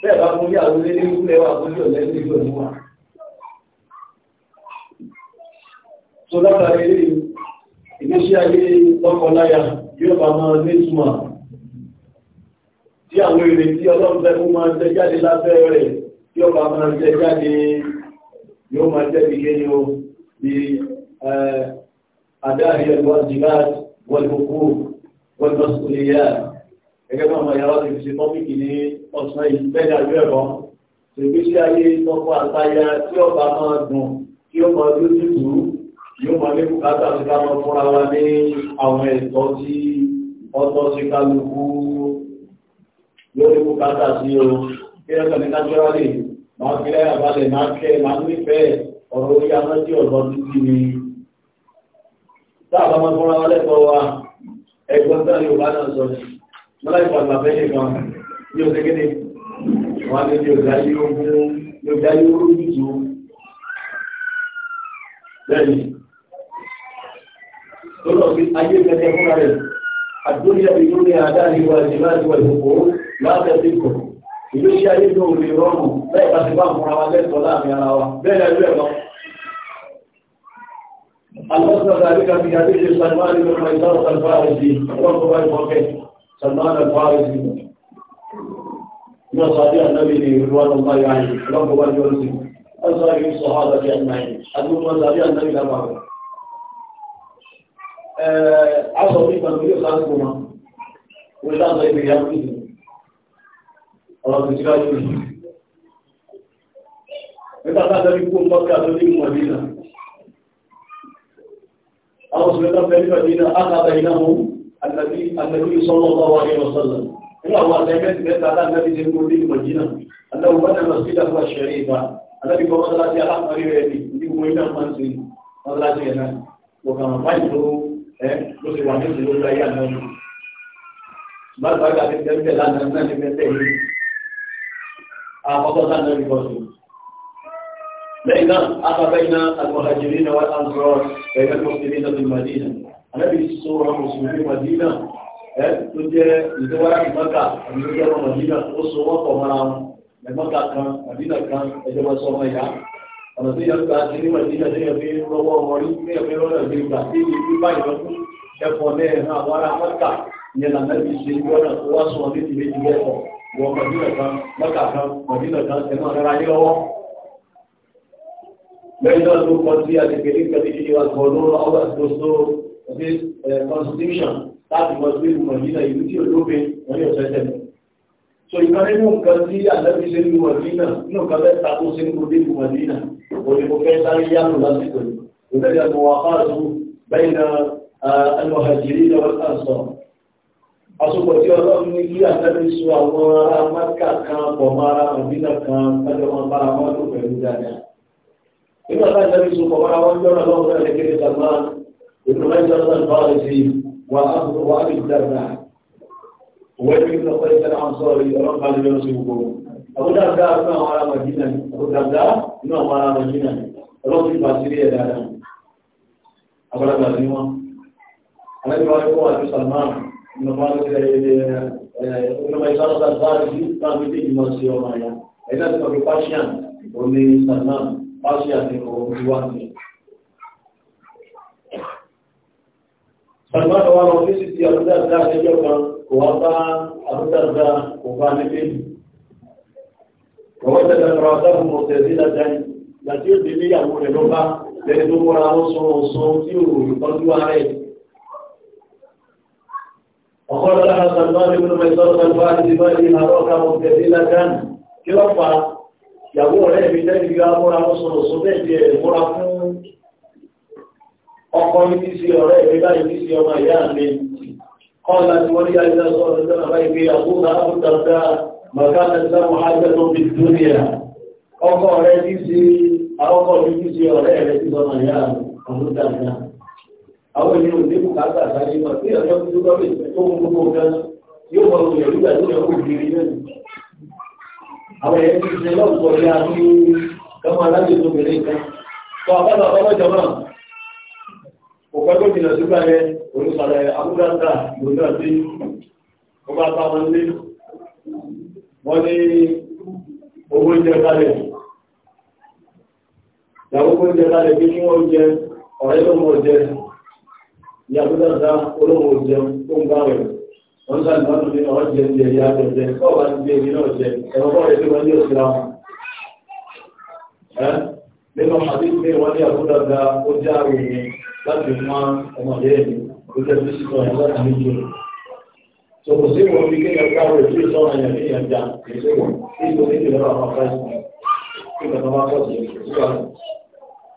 [SPEAKER 1] bẹ́ẹ̀ bá fún yàrá lé ní ilé wa tó látàrí ìgbésí ayé lọ́kọ̀láyà yóò bá máa ní ìtumọ̀ tí àwọn èrè tí ọlọ́pẹ́ mú máa jẹ jáde lábẹ́ rẹ̀ yóò bá máa jẹ jáde yóò máa jẹ́ bí kéyìn o bí àdáàrí ẹ̀lọ́ jihad wọlùkú wọlùmọ́sùlùyà gẹ́gẹ́ bá máa yàrá ti fi tọ́pìkì ní ọ̀sán yìí bẹ́ẹ̀ àjọ ẹ̀kọ́ ìgbésí ayé lọ́kọ̀ àtayá tí ọba máa dùn kí ó máa yóò máa ní bùkátà sí ká máa fúnra wa ní àwọn ẹ̀tọ́ tí ọtọ́ sí kálukú yóò ní bùkátà sí o kí ẹ̀kọ́ ní náturalì máa fi lẹ́yà balẹ̀ máa kẹ́ máa nífẹ̀ẹ́ ọ̀rọ̀ orí anájí ọ̀dọ́ títí ni táàbà máa fúnra wa lẹ́kọ̀ọ́ wa ẹ̀gbọ́n tán yóò ni yóò dá yóò lọ́nà sí ayé kẹtẹ fún rẹ̀ àdúnyà ìlú ní àdáni wa ìdìbò àti wà ìfòkòrò láti ẹsẹ̀ kò ìlú iṣẹ́ ayé tó lè rọrùn bẹ́ẹ̀ bá ti bá fún ara wa láàrin ara wa bẹ́ẹ̀ lẹ́rú ẹ̀ lọ. alọ́sọ̀ àríkà ti àti ṣe sàlmáàlì lọ́nà ìtàn sàlmáàlì sí ọlọ́run tó bá ìfọ́kẹ́ sàlmáàlì fàárì sí ìjọ sàbí ànábì ní ìlú wa lọ́nà ìyá yìí ọlọ́run tó bá ìfọ́kẹ́ sàlmáàlì sọ̀hálà bí ànáyìn àdúgbò sàbí ànábì lápapọ̀ Eh, aṣọ fún ìgbà mílíọ̀ sáńkó ma wọ́n dáná ìgbè ya fún ìlú ọ̀rọ̀ tó ti rájú rẹ̀ nígbà tá a fẹ́ kó mọ́kà tó ní mọ̀ nílà àwọn oṣù mẹ́ta fẹ́ nípa nílà ákàtà iná mú àtàbí àtàbí sọ́nà ọba wa ní ọ̀sọ́lá nígbà wọn àtẹ́kẹ́ ti mẹ́ta aláàbí ti kó ní mọ̀ nílà aláwọ̀ wọn náà sí ìdàgbà ṣẹ̀rẹ̀ ìbá alábí kọ́ mọ́sálásí aláàbí rẹ̀ ní gbogbo iná máa ń ṣe mọ́sálásí ẹ̀ náà kò kà máa báyìí lówó ẹ ló ti wà ní ìlú láyé àná ni bàbá yà ti tẹ́lẹ̀ lánàá náà ní mẹ́tẹ́ yìí àkọ́kọ́ lánàá ní bọ́sùn. lẹ́yìn náà afẹ́fẹ́ iná àgbọ̀hàjìrí náà wọ́n ń sọ ẹ̀yẹ́ mùsùlùmí náà ní Madina anábì sọ̀rọ̀ mùsùlùmí Madina ẹ tó jẹ́ ìdíwárà ìmọ̀ká àti ìdíwárà Madina ó so wọ́pọ̀ mọ́ra wọn ẹ̀mọ́ká kan Madina kan ẹjọ́ wọn sọ ọmọ ìyá ọ̀nà tó yẹ ká ti níwọ̀n ìdílé tó yẹ fi lọ́wọ́ wọn rí ní ẹ̀fẹ́ lọ́nà ìgbé gbà tí ìlú báyìí lọ́dún ẹ̀fọ́ lẹ́yìn náà wọ́n ará mọ́ta ìyẹn lànà ti ṣe lọ́nà tó wá sọ ní ìdílé ìdílé ẹ̀fọ́ wọ mọ̀dínà kan mọ́ta kan mọ̀dínà kan ẹ̀mọ́ rẹ̀ ayé lọ́wọ́. lẹ́yìn náà ló kọ sí àtẹ̀kẹ́ ní kẹ́lí ṣe wà kọ́ lọ́wọ́ so ìkan nínú nǹkan tí àlẹ́bí ṣe ní wọ̀dínà nínú nǹkan bẹ́ẹ̀ takó sí ní gbogbo ìlú wọ̀dínà òyìnbó fẹ́ sáré yánù lásìkò yìí òbẹ́rẹ́ ẹnu wà fáàzù bẹ́ẹ̀ na ẹnu hajjiri lọ́wọ́ sàǹsọ̀ àsopọ̀ tí ọlọ́run ní kí àlẹ́bí sọ àwọn ará mẹ́kà kan pọ̀ mọ́ ara òbínà kan lọ́jọ́ máa bára wọn lò pẹ̀lú dáadáa nígbà tá àlẹ́bí sọ pọ̀ mọ́ra wọn lọ́rọ̀ lọ́wọ́ náà lẹ́kẹ́rẹ́ sàmán ìdúró wani ibn qayyim al-ansari ran ba da su go abu da da ina wala madina ne abu da da ina wala madina ne ran ba sire ya da abu da da ni ma ana ba ko wa salman ina ba da eh ina mai sa da da ji ta mi di ma si o ma ya ina ta ko pasian o ni salman pasian ni ko wa ni salman wa ro ni si ti abu وأبا أبو الدرداء وخالد ووجد امرأته معتزلة láti ó délé ìyàwó rẹ̀ ló bá lẹ́ni tó múra ó sọ ọ̀sán tí ò ìtọ́jú ààrẹ. ọ̀kọ́ lára sàlùmọ́ ní gbọ́dọ̀ mẹ́tọ́ sàlùmọ́ àti ìbá ní àárọ̀ ká mọ̀ tẹ̀lé lágán kí wọ́n fa ìyàwó rẹ̀ ó sọ ọ̀sán bẹ́ẹ̀ di ẹ̀ múra قالت ولي إذا صلى الله عليه وسلم أيدي يقول أبو الدرداء ما كانت له حاجة في الدنيا ọkọ rẹ̀ ti ṣe àwọ́kọ mi ti ṣe ọ̀rẹ́ rẹ̀ ti sọmọ ìyá ọdún dáadáa àwọn ènìyàn ò débù káàkà sáré wọn pé ọjọ́ tó lọ bẹ̀ tó ń gbogbo gan yóò mọ òun yẹ̀rú ìgbàdún yẹn kó kiri náà àwọn ènìyàn ti ṣe lọ́pọ̀ bí a ní ọmọ alájọ tó bẹ̀rẹ̀ kan tó àbálọ̀ ọmọ jọmọ́ tó jìnà sígbà yẹ olùsàlẹ̀ abúgbàtà ìgbòdà sí ọba àtàwọn ilé wọ́n ní owó jẹ kalẹ̀ ìyàwó kó jẹ kalẹ̀ bí kí wọ́n jẹ ọ̀rẹ́ tó mọ̀ jẹ ìyàwó dáadáa olóhùn òjẹ tó ń bá rẹ̀ wọ́n sáà ní wọ́n ní ọ̀rọ̀ jẹ jẹ ìyá jẹ jẹ kọ́ọ̀bá ti jẹ ìdí náà jẹ ẹ̀rọ bọ́ọ̀ rẹ̀ tó wọ́n ní òsì nínú àdéhùn wọ́n ní àbúdàdà ó jẹ́ àrùn yìí láti mọ ọmọdé ẹni tó jẹ́ tó sì láti ní jù. Sọ kò sí wọn bí kéèyàn káwé tí ó sọ̀rọ̀ yẹn kéèyàn já kì í sí wọn kí ló ní ìlú àwọn afáìsì wọn kí bàbá máa kọ́ sí ẹ̀kọ́ síwá lọ.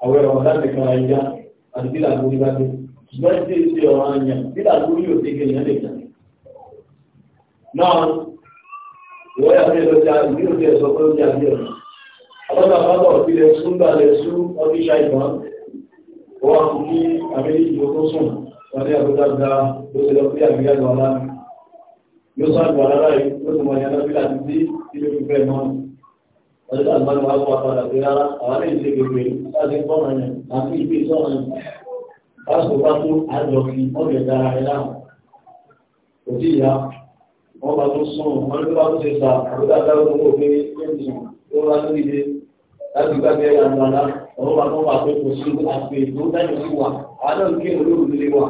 [SPEAKER 1] Àwọn ẹ̀rọ ọ̀dà kan ẹja àti bí làgbó bá dé. Ṣùgbọ́n tí ó ti ọ̀rọ̀ àyàn bí làgbó ní òsè kéèyàn lè jà. Náà ìwọ́ yà fẹ́ lọ sí àbí òsè pé ó jẹ́ àbí ọ̀rọ̀. Àwọn àbábọ̀ ìpìlẹ̀ lẹ̀ ó wá kú kí àbẹ́lí ìlú tó sùn wọ́n ní àbúrò dáadáa ló ti lọ sí àgbéyà lọ lá yóò sọ àgbà rárá yìí ló ti mọ ìyá náà bílà títí tí ló fi fẹ́ mọ́ ọjọ́ tó àgbà wà wà padà pé rárá àwọn lè ṣe gbègbè láti fọ́ ọ̀nà yẹn àti ìgbé sọ̀rọ̀ yẹn láti bá tó àjọ fi ọ̀gẹ̀ dára kò sí ìyá wọ́n sùn wọ́n ló bá ọ̀rọ̀ wa kọ́ wa pé kò sí àgbè tó dájú sí wa àwọn náà ń ké olóòrùn nílé wa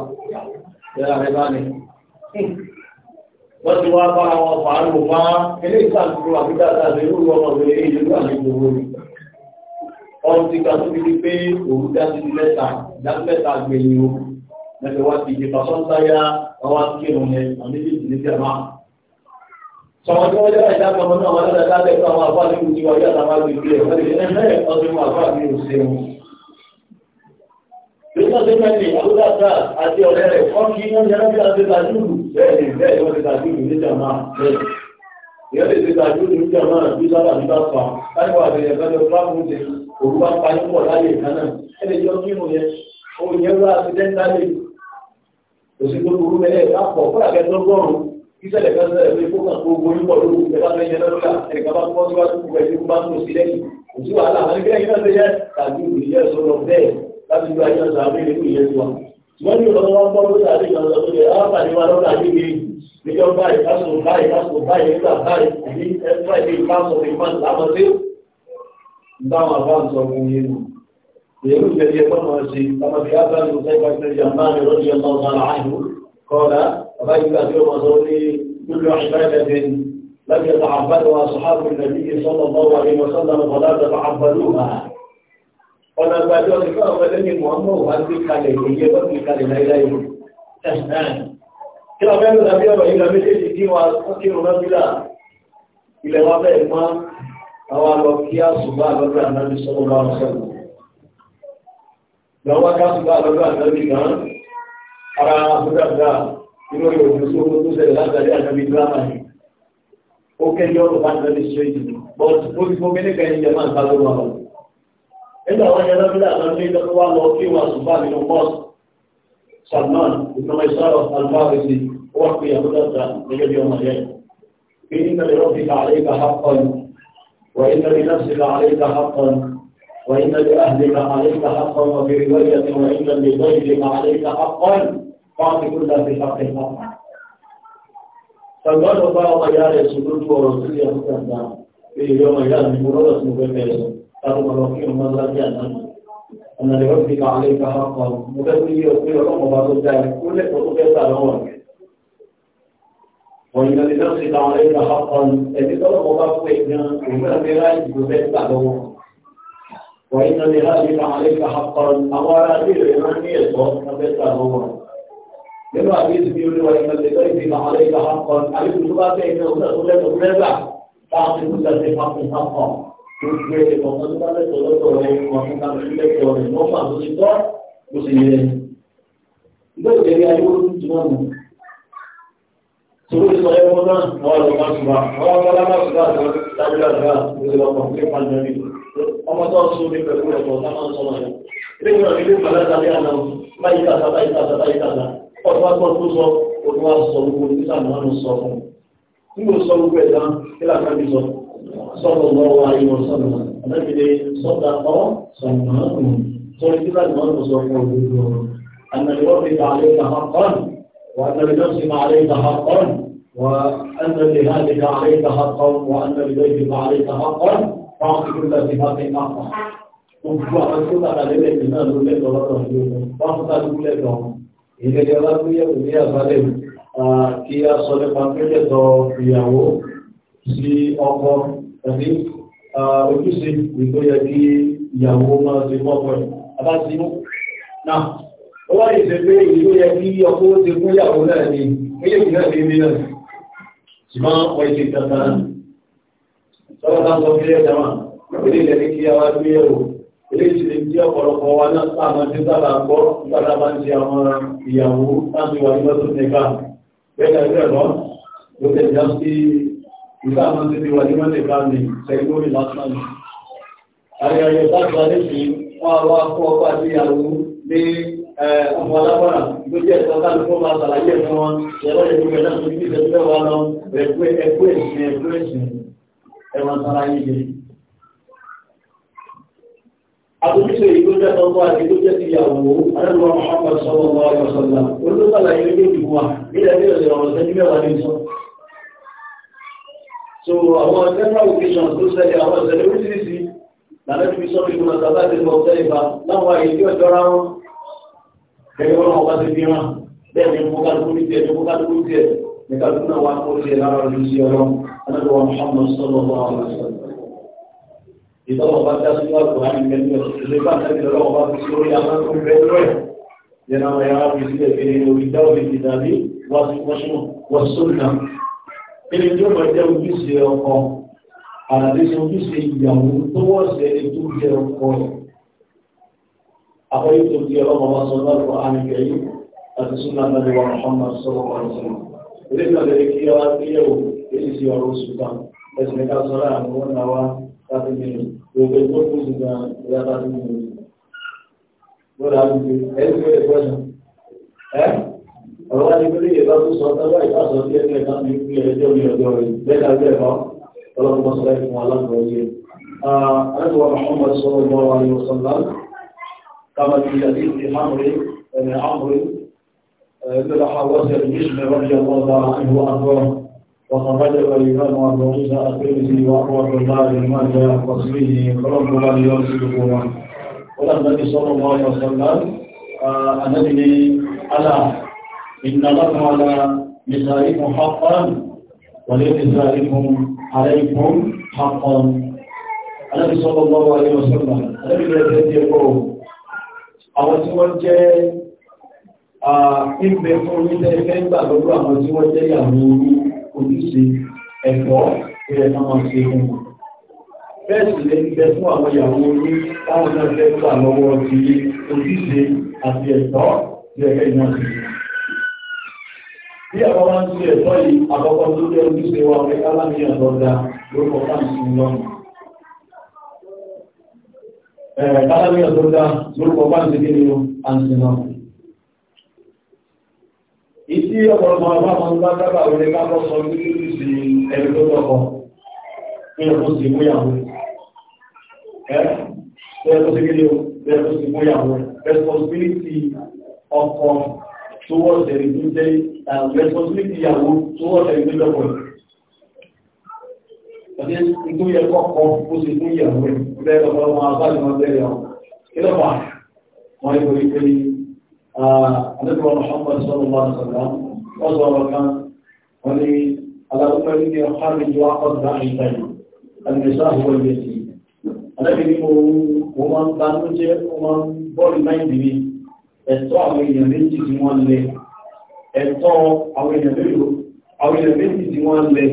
[SPEAKER 1] yàrá rẹ bá ní. wọ́n ti wá bá àwọn ọkọ̀ àrùn wá ilé ìsàkóso àbídáta àti irú ọmọ rẹ èyí ló wà ní gbogbo rẹ. ọ̀run ti ga tó fi di pé òun dájú mẹ́ta dájú mẹ́ta gbẹ̀yìn o mẹ́ta wá ti di pàṣọ́ńtáyà wọ́n wá kírun yẹn àmì sọ̀rọ̀ tí wọ́n jẹ́ ìdá kan náà wọ́n lọ́dọ̀ lábẹ́ fún àwọn àbá nínú ìwà ìyá àtàwọn agbègbè rẹ̀ wọ́n lè ẹ̀ẹ́ ọdún àbá mi ò ṣeun. Bísọ̀ tí mẹ́rin àlúdàdà àti ọ̀rẹ́ rẹ̀ wọ́n kí wọ́n yẹn lábẹ́ àti tàjúlù bẹ́ẹ̀ ni bẹ́ẹ̀ ni wọ́n ti tàjúlù ní jàmá bẹ́ẹ̀. Ìyá lè ti tàjúlù ní jàmá bí sábà ní bá fa láìpọ̀ àbẹ̀yẹ fẹ́lẹ́ fúláàmù bá pa ìṣẹ̀lẹ̀ kan ṣẹlẹ̀ pé kó kàn kó gbóyún pọ̀ lóko ìjọba fẹ́ yẹn lọ́dọ̀ ẹ̀ka bá kọ́ síwájú kó ẹ̀jú bá ń lò sí lẹ́yìn kò sí wàhálà àwọn ẹgbẹ́ yẹn ṣe yẹ tàbí ìyẹn sọ̀rọ̀ bẹ́ẹ̀ láti gba ẹ̀yàn sọ àwọn ènìyàn ìyẹn tiwa. wọ́n ní ọ̀rọ̀ wọn bọ́ lórí àti ìyàn sọ pé aláǹfààní wa lọ́dọ̀ àti ìgbé níjọ báyìí kásò báyìí kásò báyìí nígbà bá ní ọ̀sẹ̀ ìfásitì ìjàmbá mi rọ́ọ̀dì ọ̀sán ọ̀sán àìhù وبين أدوه وزوري كل عبادة لم يتعبدها أصحاب النبي صلى الله عليه وسلم ولا تتعبدوها قال الباجوة لكم أولا من مهمة وأن بكاله هي وأن بكاله إليه تسنان كلا بين الأبياء وإلى مثل سيدي وأكثر نبلا إلى وضع إمام أو الوكياء صباح النبي صلى الله عليه وسلم لو كان صباح الرحمن صلى الله عليه وسلم على هدى الله inú rẹ̀ òun tó tó sẹ̀rẹ̀ látàrí àtàbí dírámà ni ó kẹ́jọ́ ọ̀rọ̀ bá tẹ̀lé ṣe ìdí but ó ti fún mi ní kẹ́yìn jẹ́ máa ń sáré wà lọ. nígbà wọn yẹn lọ́bílẹ̀ àtàwọn ní ìjọba wà lọ kí wọn àṣùfà nínú mọ́ọ̀sì Salman ìgbìmọ̀ ìṣòro alfáàrẹ́sì ó wà pé ìyàwó dàgbà gẹ́gẹ́ bí ọmọ yẹn. bí nígbà lè rọ́ọ̀bì kàlẹ́ ìgbà hapọ̀n وإن لنفسك عليك حقا وإن لأهلك عليك حقا وفي رواية وإن لغيرك عليك حقا wọ́n ti kú lọ sí ṣọ́pẹ́ náà. Ṣọ̀gbọ́n ló bá ọmọ ìyá rẹ̀ sùn lójú ọ̀rọ̀ sí ilé ọmọ ìgbà pé ìlú ọmọ ìyá mi mo lọ́dọ̀ sí mo fẹ́ fẹ́ sùn láti mọ̀ lọ kí ọmọ lábẹ́ àná. Ọ̀nà ìwé fi kà á lè ka ọkọ̀ mo fẹ́ kú yí ọ pé ọlọ́mọ bá tó dá ẹ kó lẹ́kọ̀ọ́ tó fẹ́ gbà lọ́wọ́ rẹ̀. Ọ̀yìn lọ́dẹ náà ti ka àwọn ẹ̀ka ọkọ̀ ẹ̀mí tọ́lọ́mọ bá fún ẹ̀ gan òun náà fẹ́ ráì tó fẹ́ gbà lọ́wọ́. Ọ̀yìn lọ́dẹ náà nínú àbíyèsí bí olúwa ìmọ̀lẹ́gbẹ́ ìdìmọ̀ àwọn ilẹ̀ ọkọ̀ àbíkú tó bá fẹ́ iná òun tó lẹ́tọ̀ lẹ́gbà táwọn ti kú sẹ́sẹ̀ papọ̀ papọ̀ tó gbé ìmọ̀ tó bá lẹ́tọ̀ lọ́tọ̀ rẹ̀ ìmọ̀ tó bá lẹ́tọ̀ rẹ̀ mọ́ fà tó ti tọ́ bó ṣe yẹ. ìgbẹ́ òjèlé ayéwo tó ti wọ́n mú. sọ̀rọ̀ ìsọ̀ ẹ̀ mọ́ náà wọ́n lọ máa ṣùgbà wọ́n lọ máa ṣùgbà tó ọ̀tọ́ tó tó sọ òun wá sọ gbogbo nígbà náà ló sọ fún un nígbà sọ gbogbo ẹ̀dá kí làkà bí sọ sọ́nà lọ́wọ́ ayé wọn sọ́nà àdábìlẹ̀ sọ́nà ọ́ sọ̀nà ọ̀hún sọ nígbà náà ló sọ fún òdodo ànàlẹ́ wọ́n fi kàlẹ́ kàhà kọ́n wà ànàlẹ́ náà sì kàlẹ́ kàhà kọ́n wà ànàlẹ́ náà sì kàlẹ́ kàhà kọ́n wà ànàlẹ́ náà sì kàlẹ́ kàhà kọ́n wà ànàlẹ́ náà sì kàlẹ́ kàhà kọ́n gbogbo àwọn tó kàlẹ́ lẹ́yìn náà ló lẹ́tọ̀ọ́ lọ́dọ̀ ìdẹ́jẹ́ lágbéyẹ̀wò ní àbálẹ̀ kí a sọ nípa pẹ́lẹ̀tọ̀ ìyàwó sí ọkọ tàbí ojúṣe ìgbóyẹ kí ìyàwó máa ṣe mọ́kọ̀ àbáṣe mú. náà ó wá lè ṣe pé ìlú yẹ kí ọkọ ó ti fún ìyàwó náà ní méjèèjì náà ní mílíọ̀n ṣùgbọ́n wọ́n ṣe tata sọ́wọ́n bá sọ pé ẹ̀dá wà ó lè lẹ́ni kí a wá gbéyẹ̀wò eléyìí tí ọ̀pọ̀lọpọ̀ wa náà sáàmọ́ tí sábà ń gbọ́ nígbàtà bá ń ṣe àwọn ìyàwó láti wà nígbà tó nìka bẹ́ẹ̀ ẹgbẹ́ lọ ló tẹ̀ já sí ìsáàmọ́ tí ti wà nígbà nìka ní sẹ́gbórí lásán ayẹyẹ sáàtúwà ní sí wọn àwọn akọ ọkọ àti ìyàwó ní ọmọ alábọ̀nà tó jẹ́ ẹ̀sọ́ láti fún wa àtúntò ìlú jẹ́ tọ́gbọ́ àti ìlú jẹ́ ìyàwó arẹ́lúwà Muhammad sọ́lọ́wọ́ ti fi hàn bẹ́ẹ̀ ni mo kálukú ní tiẹ̀ ni mo kálukú tiẹ̀ ni kálukú náà wá kó tiẹ̀ lára ọdún sí ọlọ́run ìtọ́wọ̀ bá dá sí wàlùkù láti mẹ́lú ilé bá tẹ́lẹ̀ lọ́wọ́ bá fi sórí amákùn bẹ́ẹ̀rù ẹ̀ yẹn àwọn ẹ̀yà wá fi sílẹ̀ kiri orí dáwọ́ fi ti dàbí wọ́n sónà nínú tí ó máa jẹ́ ojúṣe ọkọ àlàdé ṣe ojúṣe ìyàwó tó wọ́n ṣe ẹni tó jẹ ọkọ rẹ̀ àkọ́yé tó di ọlọ́mọ wa sọ lọ́rùn àmìkẹ́ yìí àti súnà nàbẹ̀ wa Muhammad sọ̀rọ̀ wa sọ̀rọ̀ ilé ìgbàlẹ̀ kí wá kí yẹ̀wò èyí sí ọ̀rọ̀ oṣù kan ẹ̀sìn ká sọ láàrin wọn náà wá káfí mímu gbogbo ẹgbẹ́ tó ti gan ìyá káfí mímu lọ́dà àdúgbò ẹ̀rí pé ẹ̀kọ́ ẹ̀sán ẹ̀ ọ̀rọ̀ wá ní pẹ́lú ìyẹ̀bá tó sọ tẹ́lá ìbá sọ sí ẹgbẹ́ ẹ̀ká mi fi ẹjọ́ mi ọjọ́ rẹ̀ lẹ́ka ẹgbẹ́ ẹ̀kọ́ ọlọ́pàá sọ láì fún aláǹgbọ̀n yẹ. alẹ́kùn wa Muhammad sọ̀rọ̀ bọ́ wa ní ọ̀sánlá kama ti yàtí ti hamri ẹ̀mẹ̀ hamri ẹ̀mẹ̀ lọ́ha wọ́sẹ̀ ìyíṣ وتبلغ الإمام مَا عيسى الترمذي وأقوى الله لما جاء وصله رب لا يرزقه ولما النبي صلى الله عليه وسلم أنبني ألا إن لكم على نسائكم حقا ولنسائكم عليكم حقا النبي صلى الله عليه وسلم النبي الذي يقول àwọn tí wọ́n jẹ́ ìgbẹ̀fún ní tẹ́lifẹ́ ìgbàgbọ́gbọ́ àwọn tí wọ́n jẹ́ ojúṣe ẹ̀kọ́ ilẹ̀ náà ṣe fún un bẹ́ẹ̀ sì lè ń bẹ fún àwọn ìyàwó orí táwọn náà fẹ́ gbà lọ́wọ́ ti ojúṣe àti ẹ̀tọ́ ilẹ̀ náà ṣe bí àwọn máa ń ṣe ẹ̀tọ́ yìí àkọ́kọ́ tó jẹ́ ojúṣe wa pé alámìyàn lọ́dà ló kọ́ káàkiri lọ́nà Ẹ̀rẹ̀ kálámìyàn lọ́dà ló kọ́ káàkiri lọ́nà ìdí ọ̀pọ̀lọpọ̀ àbáwọn bá dábà wọlé sọ ní ìrísí ẹni tó lọ́kọ̀ ní ọkùn sí múyàwó ẹ́ lẹ́ẹ̀kọ́ sí sí múyàwó responsibility ọkọ towards ẹni tó jẹ́ responsibility ìyàwó towards ẹni tó lọ́kọ̀ Ọdí tó yẹ kọ́kọ́ ó sì fún ẹ̀ bẹ́ẹ̀ lọ́pọ̀lọpọ̀ àbájọ́ bẹ́ẹ̀ àdẹ́kọ̀ọ́ Muhammad sallallahu alaihi wasallam wọ́n sọ ọ̀rọ̀ kan wọ́n ní aláwọ̀pẹ́ ní ọ̀hárin ju akọ̀dá ìtàyè alìmẹ̀sá àwọn ìrẹsì alẹ́bìnrin ní mo máa ń banú jẹ́ mo máa ń bọ́ọ̀lù náà ìdìbí ẹ̀tọ́ àwọn èèyàn méjì tí wọ́n lẹ ẹ̀tọ́ àwọn èèyàn méjì àwọn èèyàn méjì tí wọ́n lẹ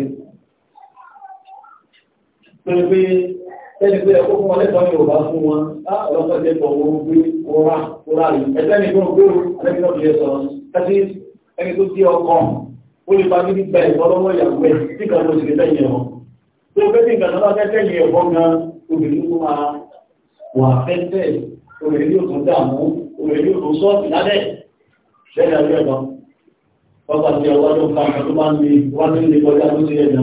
[SPEAKER 1] pẹ̀lú ẹni pé ẹkọ́ fún wọn lẹ́tọ́ ní ọ̀bá fún wọn ọlọ́pàá jẹ́ pọ̀ wọn gbé kóra kóra rí ẹgbẹ́ mi gbọ́n gbé alẹ́bí náà lè sọ kẹ́sí ẹni tó tí ọkọ ó lè bá níbi gba ẹ̀kọ́ lọ́wọ́ ìyàwó ẹ̀ tí kan lọ sí lè tẹ̀yìn ẹ̀họ́ tó fẹ́ tí nǹkan náà fẹ́ tẹ̀yìn ẹ̀họ́ gan obìnrin tó máa wà fẹ́fẹ́ obìnrin yóò tún dààmú obìnrin yóò tún sọ́ọ̀tì lálẹ́ lẹ́yìn àjọ ẹ̀kọ́ pápá tí ọwọ́ tó fa ọ̀tún bá ń lè wá sí ilé kọjá tó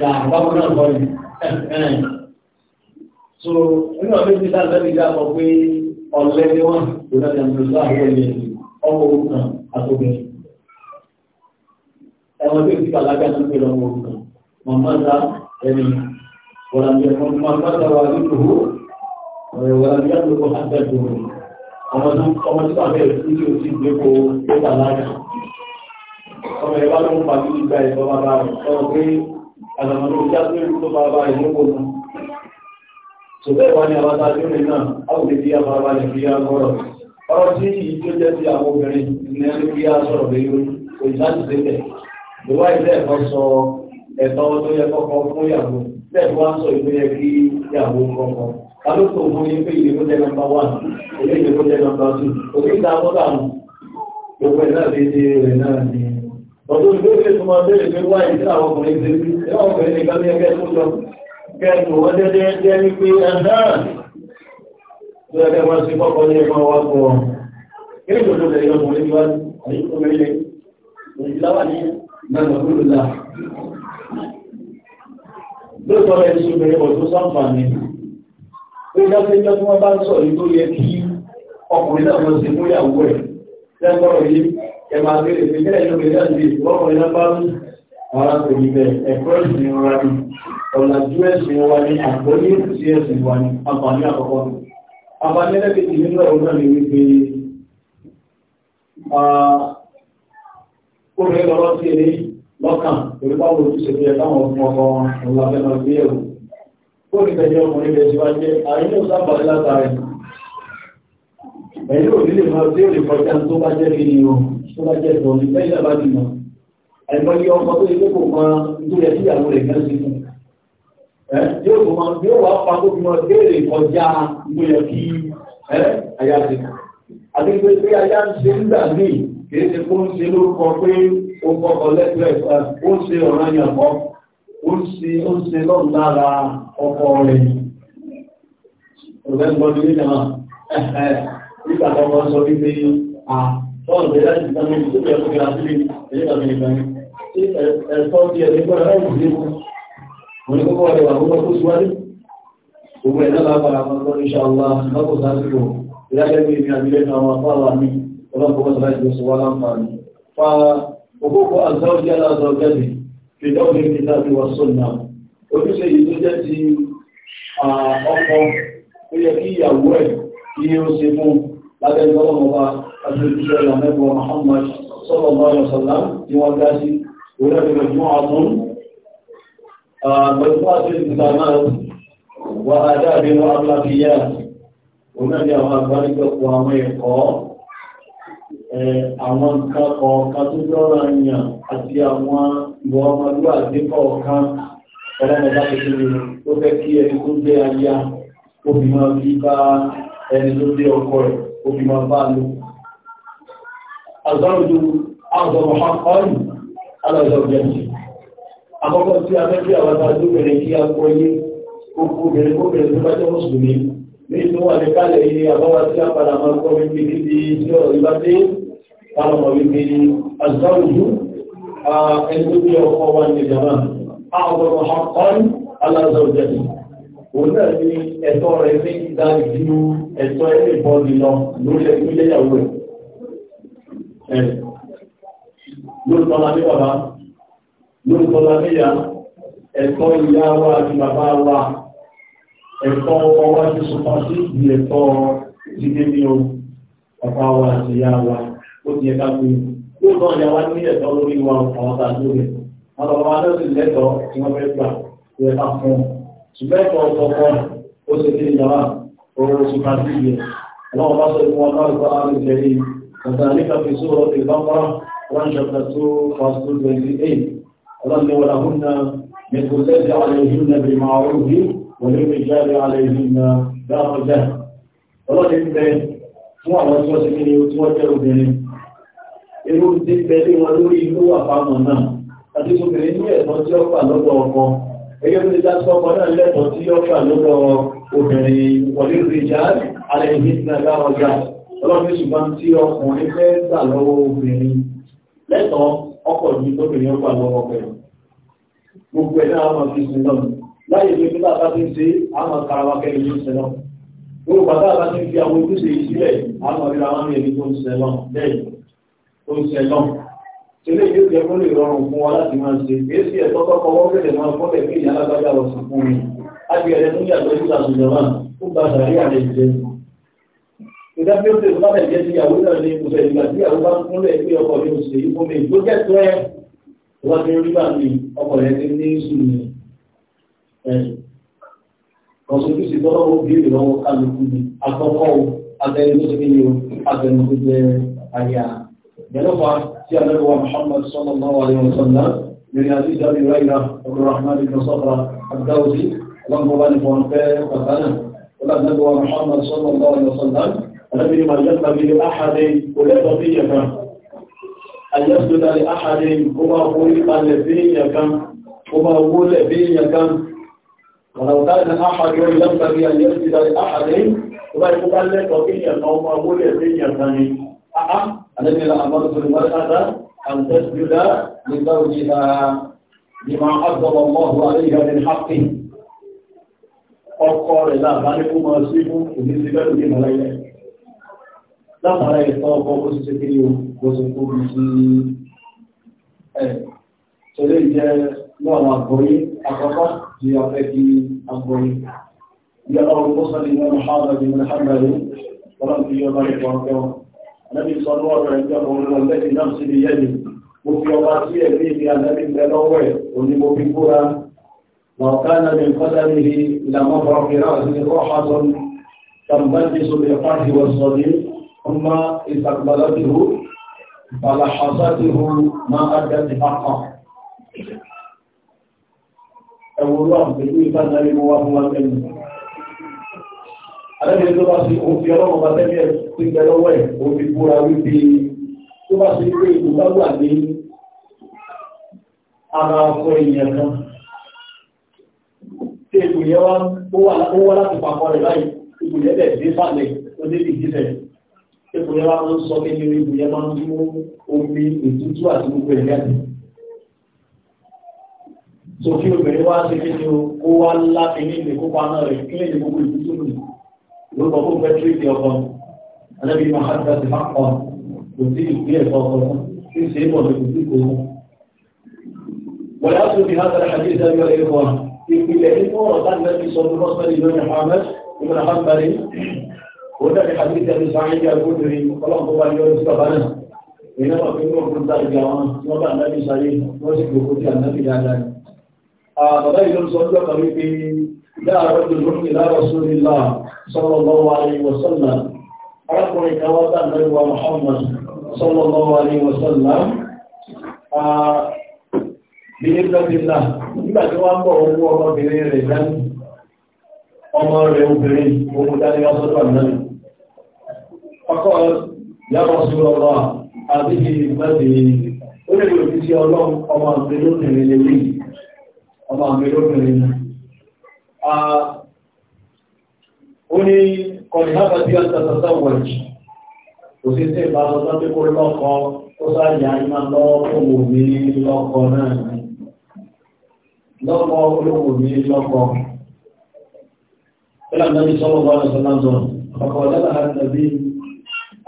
[SPEAKER 1] yàrá wọn náà bọ̀ so nínú àwọn méjì tá a lẹ́bi dá sọ pé ọ̀lẹ́ ni wọ́n kò náà jẹun lóṣù àwọn ilé ọmọ òrukàn àtòbìnrin. ẹ̀wọ̀n tó ti bàlágà tó gbé lọ́wọ́ òrukàn màmá ta ẹni wọ̀làmìyàn màmá ta wà nílùú wọ̀làmìyàn tó kọ́ àtẹ̀kùn ọmọ tó kọ́ àbẹ̀rẹ̀ sí gbé ko ó ọmọ ìwá ló ń pàdé ìgbà ìfọ́ bàbá rẹ̀ sọ pé àdàmà ló já sí ìlú tó bàbá rẹ̀ lóko nù. Sọ̀bẹ́ ìwà ni àwọn tàbí rẹ̀ náà, a ò lè fi àbára rẹ̀ fi àgọ́rọ̀. Ọ̀rọ̀ tí yìí tó jẹ́ ti àwọn obìnrin ní ẹni fi á sọ̀rọ̀ lé lórí, kò ì láti débẹ̀. Ìwá ilé ẹ̀kọ́ sọ ẹ̀tọ́ tó yẹ Ọdún tó ṣe tó máa bẹ́rẹ̀ pé wáyé tí àwọn ọkùnrin ti rí, ẹ̀wọ̀n ọkùnrin nìkan ní ẹgbẹ́ tó lọ. Kẹ́ẹ̀kùn wọ́n dẹ́dẹ́ jẹ́ ní pé ẹ̀dáà. Tó ẹgbẹ́ máa ṣe kọ́kọ́ ní ẹgbẹ́ wá fún wọn. Kí tó sáǹfààní. Ó ẹ máa bèèrè pé bẹ́ẹ̀ ló bèèrè àti ìwọ́pọ̀ iná bá mú ara kò ní bẹ̀ ẹ̀kọ́ ìsìn wa ni ọ̀làjú ẹ̀sìn wa ni àgbọ́yé sí ẹ̀sìn wa ni àǹfààní àkọ́kọ́ àǹfààní ẹlẹ́kẹ̀ẹ́jì nínú ọ̀rọ̀ náà ni wípé obìnrin lọ́rọ́ sí ilé lọ́kàn pẹ̀lú báwo ojúṣe bí ẹ̀káwọn ọmọ ọmọ ọmọ abẹ́mọ̀ gbé ẹ̀rù ó ní bẹ̀jẹ̀ ọkùnrin bẹ̀jẹ̀ wá jẹ́ àyínú sábàlẹ̀ látàrí ẹ̀yìn òní lè máa tí ó lè kọjá tó bá jẹ́ kí ni ohun tó bá jẹ́ tọ̀ọ̀lù lẹ́yìn náà bá ti mọ̀ àìmọye ọkọ tó ilé kò mọ nítorí ẹbí ìyàwó rẹ̀ kan sí fún yóò tó mọ yóò wá pa tó fi mọ béèrè kọjá nítorí ẹbí àyà ti mọ̀ àti pé pé àyà ń ṣe nígbà míì kìí ṣe kó ń ṣe lórúkọ pé ó kọkọ lẹ́tọ̀ọ́ ó ń ṣe ọ̀ràn yàn kọ́ ó ń ṣe ó ń ṣe lọ́rùn lára ọkọ rẹ̀ ọ̀rẹ́ ń nígbà náà nígbà tó wọ́n sọ wípé bọ́ọ̀lù rẹ̀ láti ìgbà mi tó bẹ̀rẹ̀ fún ìgbàlásílẹ̀ ẹ̀yẹ́ta mi nìkan tí ẹ̀sọ́ ti ẹ̀mí gbọ́ra láì sí mú mo ní kókó ọ̀rẹ́ wà fún ọkọ̀ síwájú gbogbo ẹ̀dá bá fara mọ́ lọ́rọ̀ iṣẹ́ ọlá lọ́kọ̀ sásìkò ìdájẹ́ bí mi àbí lẹ́nu àwọn afáwà mi ọlọ́pọ̀ sáré tó sọ wá láǹfààní fa òkókó àzọ́jẹ́ aláàzọ́jẹ́bì fi dọ́gbé àjòjúṣe ìlànẹ́gbọ̀ Muhammad sallallahu alaihi wasallam ni wọ́n dá sí orílẹ̀-èdè mọ́ àtún àgbẹ̀fọ́sí ìsànáà wà àdáàbí wọ́n àpàfíyà orílẹ̀-èdè àwọn àgbárígbẹ̀kọ́ àwọn ẹ̀kọ́ àwọn nǹkan kọ̀ọ̀kan tó lọ́rọ̀ èèyàn àti àwọn ìwọ̀ ọmọlúwà dínkọ̀ọ̀kan ọlọ́mọdá tuntun ló fẹ́ kí ẹni tó jẹ́ aya ó fi máa fi bá ẹni tó jẹ́ ọkọ rẹ̀ ó fi máa bá lò àzọ́rùjú àzọ̀rọ̀ ọ̀rùn alọ́zọ̀rọ̀jẹ́jì àkọ́kọ́ tí a mẹ́fẹ́ àwọn àjọ́bìnrin kí a kọ́ yé gbogbo obìnrin kóbìnrin tó bá jẹ́ mùsùlùmí ní tó wà ní kálẹ̀ yìí àbáwá tí a padà máa kọ́ wípé níbi tí ọ̀rọ̀ ìbá dé pàlọ́mọ̀ wípé àzọ́rùjú ẹni tó bí ọkọ̀ wa ní ìjàmá àzọ̀rọ̀ ọ̀rùn alọ́zọ̀rọ̀jẹ́jì òun náà ní ẹ̀tọ́ rẹ̀ ní ìdánilú ẹ̀tọ́ ẹ̀mí bọ́ọ̀lì lọ lórí ẹgbẹ́ ìyàwó rẹ̀ ẹ̀rẹ̀ lóòtọ́ la ní bàbá lóòtọ́ la ní ìyá ẹ̀tọ́ ìyá wa àti bàbá wa ẹ̀tọ́ ọkọ wa ti sọpá sí ìdí ẹ̀tọ́ ìdílé ní o bàbá wa àti ìyá wa ó ti ẹ̀ka pé lóòtọ́ ìyá wa ní ẹ̀tọ́ lórí wa àwọn tá a tó rẹ̀ àwọn bàbá náà sì lẹ́tọ̀ọ́ tí wọ́n fẹ́ gbà ó fún un كذلك في سورة البقرة 1 chapter 2 verse 228 قال ولهن مثل الذي عليهن بالمعروف وللرجال عليهن درجة ọlọ́dẹ̀ ń bẹ fún àwọn tí wọ́n ti kí ni tí wọ́n jẹ́ obìnrin irú ti bẹ ní wọn lórí inú àpamọ̀ náà àti obìnrin ní ẹ̀tọ́ tí ó pà lọ́dọ̀ ọkọ ẹgbẹ́ tó ti dá sọ́kọ́ náà lẹ́tọ̀ọ́ tí ó pà lọ́dọ̀ obìnrin wọlé rìjà alẹ́ ọlọ́run ṣùgbọ́n tí ọkùnrin fẹ́ gbà lọ́wọ́ obìnrin lẹ́tọ̀ọ́ ọkọ̀ yìí lóbìnrin ọgbà lọ́wọ́ bẹ̀rẹ̀ gbogbo ẹ̀ náà máa fi sin lọ́nà láyé ìwé nígbà bá ti ń ṣe àwọn karawa kẹ́lẹ́ ló ń ṣe lọ́nà gbogbo bàbá bá ti ń fi àwọn ojúṣe yìí sílẹ̀ àwọn ọ̀rẹ́ àwọn ẹ̀mí tó ń ṣe lọ́nà bẹ́ẹ̀ tó ń ṣe lọ́nà tẹ́lẹ̀ yóò jẹ́ kó lè rọrùn fún wa láti máa ṣe èsì ẹ̀tọ́ tọ́kọ wọ́n fẹ́lẹ̀ máa fọ́lẹ̀ fún ìyá alágbájá ọ̀sán fún mi á ti ẹ̀rẹ́ tó ń yàtọ̀ ìgbà tó jọ náà ó gba àlejò ìjọba yóò tẹ̀lé bàbá ìjẹ́ ti ìyàwó náà ní ìbùsọ̀ ìgbà tí ìyàwó bá kúnlẹ̀ pé ọkọ mi ò sì èyí fún mi ló jẹ́ tó ẹ́ wọ́n ti rí bá mi ọkọ rẹ̀ ti ní sùn ní kọ̀sọ̀tùsì tọ́lọ́ ó bí ìrọ̀wọ́ kálukú ni àkọ́kọ́ o abẹ́rẹ́lóṣèlú ni o abẹ́rẹ́lóṣèlú jẹ́ àyà yẹlọ́fà tí a lẹ́wọ̀ Muhammad sallallahu alaihi wa sallam lórí àdíjà bí ráìlà ọdún rahman ibn sọ́fà abdáwòsí ọlọ́mọba ní fọ́nfẹ́ pàtàkì ọlọ́mọba Muhammad sallallahu alaihi wa sallam الذي ما ينبغي لأحد وليس فيه كم أن يسجد لأحد هو خلق لفيه كم هو أول فيه كم ولو كان أحد ينبغي أن يسجد لأحد هو يقلق فيه كم هو أول فيه كان الذي لا أمرت المرأة أن تسجد لزوجها بما عظم الله عليها من حقه ọkọ rẹ̀ láàbá ní kó máa sí fún látara ìtọ́ ọkọ̀ ó sì tẹ́kiri oṣù kó bí sí ẹ̀ tẹ́lẹ̀ jẹ́ lọ́wọ́ àgbọ̀yé àkọ́kọ́ tí a fẹ́ kí àgbọ̀yé yàrá ọkọ̀ sọ́lẹ̀ ní ọmọdé ní ọmọdé ọlọ́run tí yọba lè pọ̀ ọ̀kẹ́ wọn anábì sọ lọ́wọ́ rẹ̀ ní ọmọ ogun ọ̀lẹ́bì náà sí ibi yẹ́ni mo fi ọba sí ẹ̀mí ìdí anábì ń bẹ lọ́wọ́ ẹ̀ òní mo ní kọ́lá níbi ọkọ̀ ọ̀kẹ́ náà sí ọ̀hásọ́n tàbí ثم استقبلته فلحظته ما أدت حقه ẹwùrọ̀ pẹ̀lú ìtànàrí mọ́ wá fún wa tẹ́lú. Alẹ́bìnrin tó bá sí òfin ọlọ́run bá tẹ́lẹ̀ tí ń tẹ́lọ́wọ́ ẹ̀ òfin búra wípé tó bá sí pé ìlú bá wà ní ara ọkọ̀ èèyàn kan. Tí èkùn yẹn wá láti papọ̀ rẹ̀ báyìí, èkùn yẹn bẹ̀ dé sálẹ̀ tó dé ìjísẹ̀. Ipò yẹn máa ń sọ kékeré, ipò yẹn máa ń mú omi ìtútù àti gbogbo ẹ̀yà mi. So kí obìnrin wá ṣe kékeré kó wá láti ní ìlú kópa náà rẹ̀ kí lè ní gbogbo ìtútù mi. Lórúkọ fún Pẹ́tíríkì ọkọ, Ànábì Mahadra ti máa kọ, kò sí ìpínlẹ̀ ọkọ náà, kí n ṣe é bọ̀ ní kò sí ìkòkò. ويأخذ بهذا الحديث أيها الإخوة في كل إخوة وقد الذي صلى الله عليه وسلم محمد بن حنبل هنا لحديث أبي سعيد الخدري قال الله عليه وسلم إنما في نور من ذلك وما النبي سعيد وسيد بخوتي النبي لا فلا يلوم صلى قريبي لا رجل إلى رسول الله صلى الله عليه وسلم أرقم كواتا النبي محمد صلى الله عليه وسلم بإذن الله nígbà tí wọ́n bọ̀ owó ọmọbìnrin rẹ̀ lẹ́nu ọmọ rẹ̀ obìnrin ohun dání wá sọ́dọ̀ náà فقال يا رسول الله هذه بدري ولم يكن الله أما بلون من لي أما بلون من أني قد هبت أن تتزوج وسيسي بعض الناس يقول لك وصار يعني ما الله أمومي لقنا lọ́pọ̀ olóòwò ní lọ́pọ̀. Ilé àdáni sọ́lọ́wọ́ àrẹsọ́lá zọ, ọkọ̀ lẹ́lá àtàbí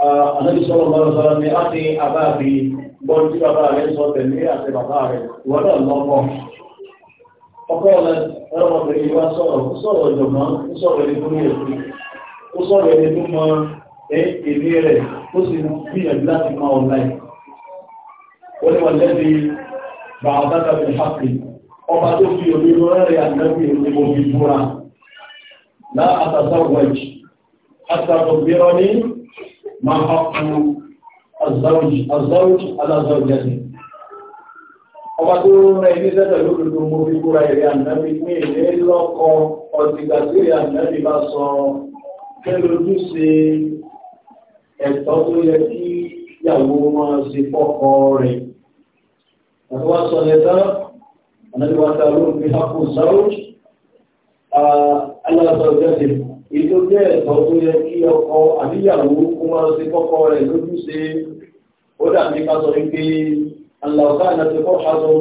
[SPEAKER 1] Ànábì sọ́rọ̀ bá sọ́rọ̀ ní láti àbáàbí gbọ́n tí bàbá rẹ̀ sọ tẹ̀lé àti bàbá rẹ̀ wọ́n náà lọ́pọ̀. Ọkọ rẹ̀ ọmọbìnrin wá sọ̀rọ̀, ó sọ̀rọ̀ ìjọ̀gbọ́n, ó sọ̀rọ̀ ẹni tó ní èsì, ó sọ̀rọ̀ ẹni tó mọ èmi rẹ̀ tó sì gbìyànjú láti mọ ọ̀la ẹ̀. Ó ní wọ́n lẹ́bi bàbá tàbí ما حق الزوج الزوج على زوجته ọba tó rẹ̀ ní sẹ́tọ̀ lódodo mo fi kúra èrè ànábì ní èlé lọ́kọ ọ̀sìgbà tí èrè ànábì bá sọ pé lójúṣe ẹ̀tọ́ tó yẹ kí ìyàwó máa ṣe fọ́kọ rẹ̀ àti wá ètò jẹ́ ẹ̀tọ́ tó yẹ kí ọkọ àbíyàwó kó máa ṣe kọ́kọ́ rẹ̀ lójúṣe ó dàbí ká sọ wípé aláwọ̀ká àti ẹ̀kọ́ ṣàtọ̀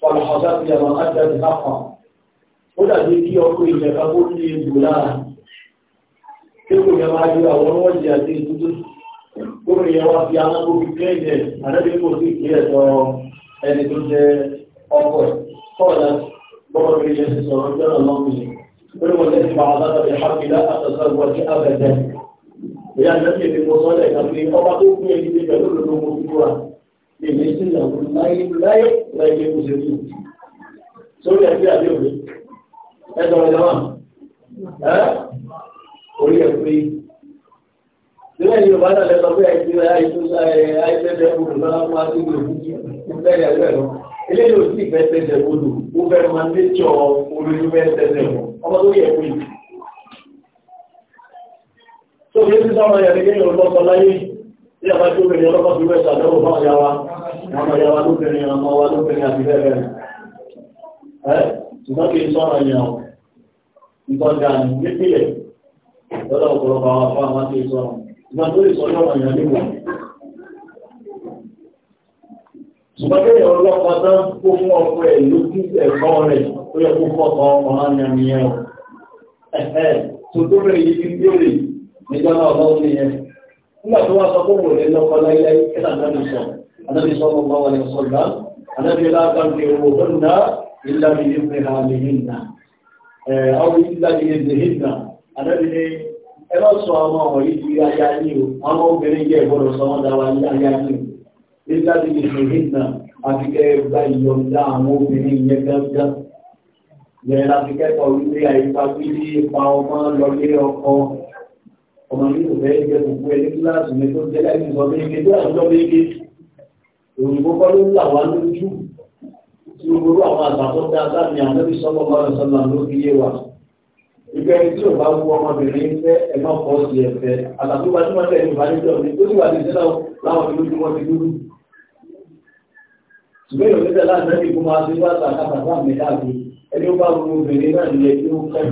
[SPEAKER 1] pàlọ́ṣọ́sá ti àwọn ajáde káfà ó dàbí kí ọkọ ilẹ̀ ká kó ní egbò lára tí kò yẹ máa yọ àwọn wọ́ọ̀dì àti ìtútù kó ní yẹ wá fi alágbó fi kẹ́ ẹ̀jẹ̀ àdábí kò sí ìpín ẹ̀tọ́ ẹni tó jẹ ọkọ̀ kọ́ọ̀dà قل والذي بعضنا بالحق لا أتزوج أبدا ويعني نبي في مصالح أبني أبعضوا في يجب جلول الأمور كورا ليس له لا لا لا يجب زرين سوري أبي أبي أبي هذا ولا ما ها قولي أبي sílẹ̀ yorùbá náà lẹ́tọ̀ pé àìsílẹ̀ àìsílẹ̀ ẹ̀kùnrin náà wá sí ìlú ìpínlẹ̀ ẹ̀rọ ilé yóò sì fẹ́ tẹ̀sẹ̀ gbọdọ̀ ó fẹ́ máa ń lé jọ ọmọ tó yẹ kú yìí tó fi ẹ́sì sáwọn ẹ̀yà gẹ́gẹ́ ọ̀pọ̀ sọ láyé ní àbá tó bẹ̀rẹ̀ ọlọ́pàá fi wẹ́sà lọ́wọ́ fún àyàwá àwọn àyàwá ló bẹ̀rẹ̀ ọmọ wa ló bẹ̀rẹ̀ àti bẹ́ẹ̀ bẹ́ẹ̀ ẹ́ ṣùgbọ́n kí n sọ̀rọ̀ ẹ̀yàn nǹkan dà ní nípìnlẹ̀ lọ́dọ̀ ọ̀pọ̀lọpọ̀ àwọn afọ àwọn àti sọdẹ yẹn ọlọ́pàá tó ń kó fún ọkọ ẹ lójú ẹ̀kọ́ rẹ̀ ó yẹ kó fọkàn ọmọ anyamí ẹ o tòtò rẹ yìí ti béèrè nígbà náà ọba òní yẹn nígbà tó wá sọ fún òwòlé lọkọ láíláí kí làdáni sọ àdáni sọ ọmọ wa ni sọ gbà àdáni láàbà ní owó nígbàtí ìṣòhìnà àti kẹgbà ìyọ̀ǹda àwọn obìnrin yẹn gángan yẹn láti kẹ́kọ̀ọ́ wípé àyíká wípé ipa ọmọ lọlé ọkọ ọmọ nínú fẹ́ jẹ gbogbo ẹni kíláàsì mi tó jẹ́lá ẹni sọ méje tó àjọ méje òyìnbó kọ́ ló ń là wá lójú tí gbogbo àwọn àgbà tó dáadáa ni àmọ́bí sọ́kọ̀ bá rẹ̀ sọ́nà ló fi yé wa ìgbà ẹni tí òbá wú ọmọbìnrin fẹ́ ẹ̀mọ́ kọ́ sí ẹ̀fẹ́ àtàkùnbá tí wọ́n tẹ̀ ní ìbánijọ́ ní tó níwà ní ìṣẹ́lá láwọn ìlú tí wọ́n ti dúró. ṣùgbọ́n ìròyìn tẹ̀lé láti ẹni kó máa ti wá sàkàtà bá mi káàkiri ẹni ó bá wú obìnrin náà ní ẹni ó fẹ́.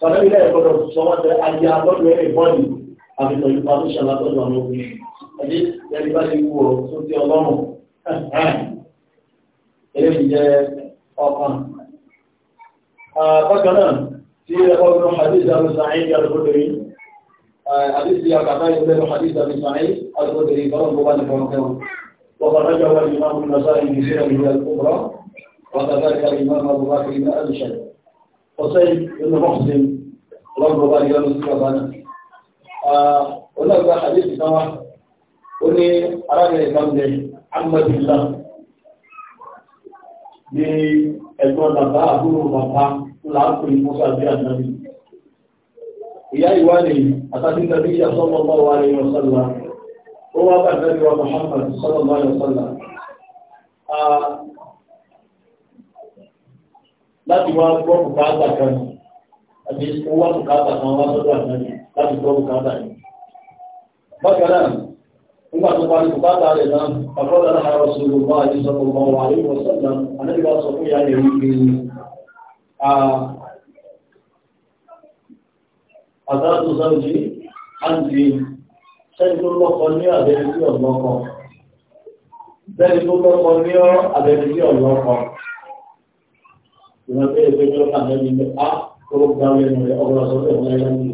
[SPEAKER 1] sọ̀rọ̀ ilé ẹ̀kọ́ lọ sọ wọ́n tẹ ayé agbọ́dọ̀ ẹ̀rẹ̀ bọ́ọ̀lì àbìtọ̀ ìpa tó ṣàlàtọ̀dọ̀ àwọn obìnrin. ẹni ẹni bá ti wú ọ tó ti ọlọ́run. eléyìí jẹ ọkàn. bákan náà tí ẹ̀kọ́ nínú hadith abu sa'id al-khudri hadith ya kàtà ìgbẹ́nu hadith abu sa'id al-khudri kọ́nà bó bá ní fọ́n kẹwọn wọ́n rẹ̀ jọ wà ní imam nasa'i ní sí ẹ̀mí al-kubra wọ́n tàbí ká imam abu bakr ibn al-shad hussein ibn muhsin lọ́n bó bá ní yọnu sí ọba náà onígbà hadith kan wá ó ní arábìnrin kan jẹ ahmadullah ní ẹ̀gbọ́n bàbá àbúrò bàbá láàpù ìmúsà bí ànábì ìyá ìwádìí àtàbí tàbí ìyá sallallahu alaihi Muhammad sallallahu alaihi wa sallam láti wá gbọ́ bùkátà kan àti owó bùkátà kan wá sọ́dọ̀ ànábì láti gbọ́ bùkátà yìí bákan náà nígbà tó parí bùkátà rẹ̀ náà àkọ́dà náà Rasulullah sallallahu alaihi wa sallam ànábì bá sọ fún ìyá rẹ̀ àtàtù sáwùjí àti sẹ́ni tó lọ́kọ ní àbẹ̀rẹ̀ sí ọ̀lọ́kọ sẹ́ni tó lọ́kọ ní àbẹ̀rẹ̀ sí ọ̀lọ́kọ ìrántí ìpéjọ àbẹ̀rẹ̀ ní a tó ah, gbá lẹ́nu rẹ̀ ọgbọ́n sọ́tẹ̀ wọn lẹ́yìn ní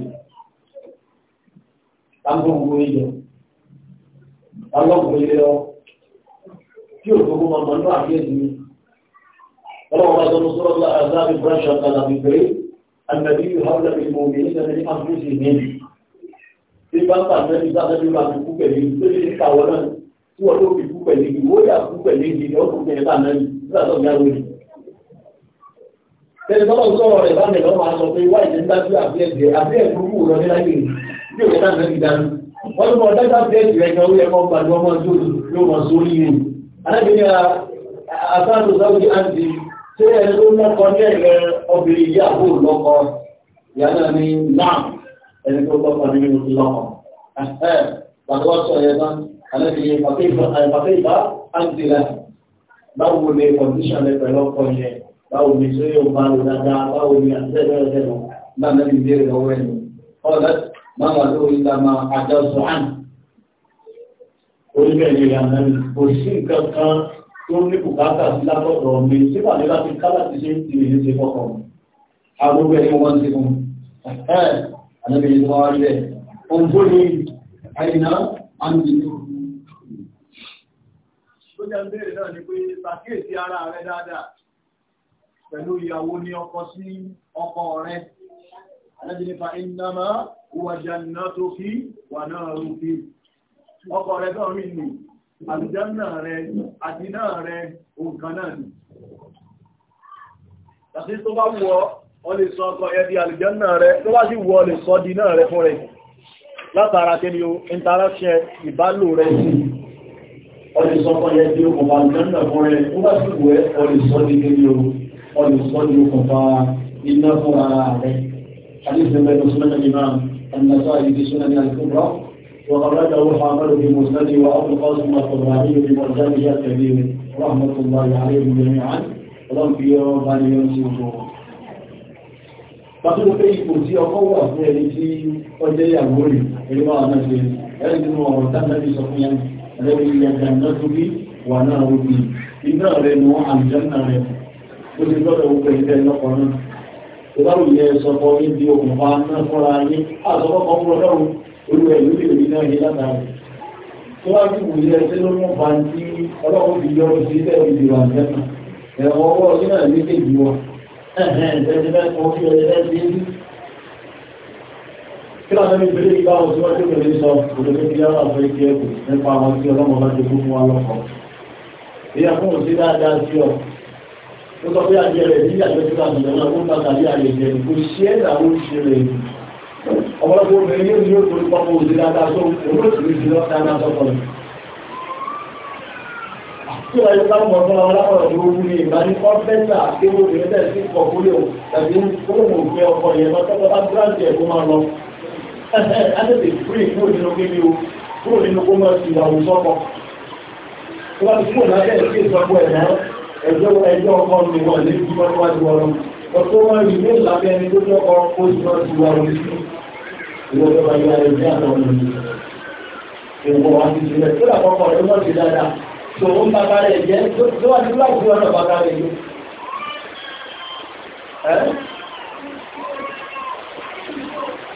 [SPEAKER 1] agbóhùn ilẹ̀ alọ́gbọ̀n ilẹ̀ ọ tí òkú mọ̀mọ́ náà àbí ẹ̀dùn اللهم اجعل سورة الأعذاب برشا على بكري النبي هول بالمؤمنين من أنفسهم tí bá ń bà ní ẹni sáfẹ́ bí máa fi kú pẹ̀lú ìlú tó lè ní kàwọ́ náà tí wọ́n tó fi kú pẹ̀lú ìlú ó yà kú pẹ̀lú ìlú ni ó kú pẹ̀lú ìlú náà nígbà tó ní àwọn ènìyàn. tẹ̀lé tọ́lọ́ sọ̀rọ̀ rẹ̀ bá mi lọ́ máa sọ pé wá ìdí ń dájú àbí ẹ̀jẹ̀ àbí ẹ̀jẹ̀ kúkú rọ ní láyé bí òwe náà mẹ́rin dání. wọ́n tún mọ dájú àbí ẹ̀jẹ̀ rẹ̀ kan ó yẹ kó gbàdúrà mọ́ ṣé ẹ ló lọ́kọ ní ẹ̀rẹ́ obìnrin ìyàwó lọ́kọ ìyàwó ni náà ẹni tó lọ́kọ ní ìlú lọ́kọ. Bàbá wa sọ yẹn náà, àlẹ́ fi bàbá ìbá bàbá ìbá àǹtí rẹ̀. Báwo ni kọ̀ndíṣàn rẹ̀ pẹ̀lú ọkọ yẹn? Báwo ni ṣé yóò bá lò dáadáa? Báwo ni àtẹ́lẹ́rẹ́ lọ? Bá mi ní ìbéèrè lọ́wọ́ ẹ̀ ni. Ọ̀rẹ́ máa wà lórí ìta máa àjọ sọ̀hán. Orí bẹ́ẹ̀ ni ìyàwó mi, kò sí nǹkan kan tó ní bùkátà sí látọ̀dọ̀ mi síbà ní láti kálá ti ṣe ti lè ṣe fọ́kàn arúgbó ẹni wọ́n ti fún ẹ̀ àlẹ́bí ẹni wọ́n rí ẹ̀ ohun tó ní àìná àǹdí ní. ni pé ṣàkíyèsí ara rẹ dáadáa pẹ̀lú ìyàwó ní ọkọ sí ọkọ rẹ àlẹ́bí nípa ìnáma ìwàjà náà tó fi wà náà rú fi ọkọ rẹ náà rí àdìjánà rẹ̀ àdínà rẹ̀ òǹkan náà ni tàbí tó bá wọ ọ lè sọ ọkọ̀ ẹ di àdìjánà rẹ̀ tó bá sì wọ lè sọ dínà rẹ̀ fún rẹ̀ látara kí ni o interaction ìbálò rẹ̀ sí ọ lè sọ ọkọ̀ ẹ di òkùnfà àdìjánà fún rẹ̀ tó bá sì wọ ọ lè sọ di kí ni o ọ lè sọ di òkùnfà iná fún وخرجه حامد في مسند وابو القاسم الطبراني في مرجانه الكبير رحمه الله عليهم جميعا ọlọ́run fi ọ̀rọ̀ bá ní ọ̀rọ̀ sí ọjọ́ wọn. Bákan pé ipò tí ọkọ̀ wà fún ẹni tí ọjẹ́ ìyàwó rẹ̀ ẹ̀rọ àwọn ṣe ẹ̀rọ nínú ọ̀rọ̀ tábìlì sọ fún yẹn ẹ̀rẹ́bí ìyàgbà náà tó bí wà náà ó bí iná rẹ̀ nù àjẹ́nà rẹ̀ ó ti gbọ́dọ̀ wọ ẹgbẹ́ lọ́kọ̀ náà. Ìbáwò yẹ sọ fọ́ yín di okùnfà náà fọ́ra yín àtọ́kọ́ kan fún ọlọ́run olú ẹ̀ lórí èyí náà yé látà rẹ̀ tó wá sí ìwòye ẹsẹ̀ ló mú pa tí ọlọ́run fi yọ sí ilé ìdìbò àjẹmà ẹ̀rọ ọwọ́ ọdún náà ní kéjì wọn ẹ̀hẹ́n ìtẹ́jú bẹ́ẹ̀ kọ́ sí ọdún náà sí ní. kí lóò ní ìpínlẹ̀ ìgbà wọn tí wọ́n tó kẹ̀lé sọ òdòdó ti yára àfọ ike ẹ̀kọ́ nípa àwọn tí ọlọ́run bá ti kú fún wa lọ́kọ̀ọ́. èyí àfún òsì dáadáa sí ọ ó sọ pé àjẹrẹ ọ̀pọ̀lọpọ̀ obìnrin yóò ní ó torí pọ́pọ̀ òsì dáadáa tó olóòtú sí lọ dáadáa tó kọlu tí wọ́n yóò sáwọn ọ̀gbọ́n wọn lápọ̀lọ̀ tó wú ní ìgbà ní kọ́fẹ́sà tí ó bèèrè tẹ̀ sí pọ̀kúlẹ̀ o tàbí kóòmù òfin ọkọ̀ yẹn lọ tọ́kọ bá gíráǹtì ẹ̀ kó máa lọ ẹ́sẹ̀tẹ̀ fúrì kúrò nínú kébí o kúrò nínú kó ọ̀tọ́ wọn rí ní ìlàbẹ́ ẹni tó jọ́ ọkọ̀ ó ti wọ́n ti wà orí sí ìwọ́n tó bá yára ẹgbẹ́ àwọn ọmọ mi ìwọ̀n wá ti sílẹ̀ tó là kọ́kọ́ tó mọ̀ sí dáadáa tó ń bá bá rẹ̀ jẹ́ tó wà ní láwùjọ ọ̀nà bá bá rẹ̀ jẹ́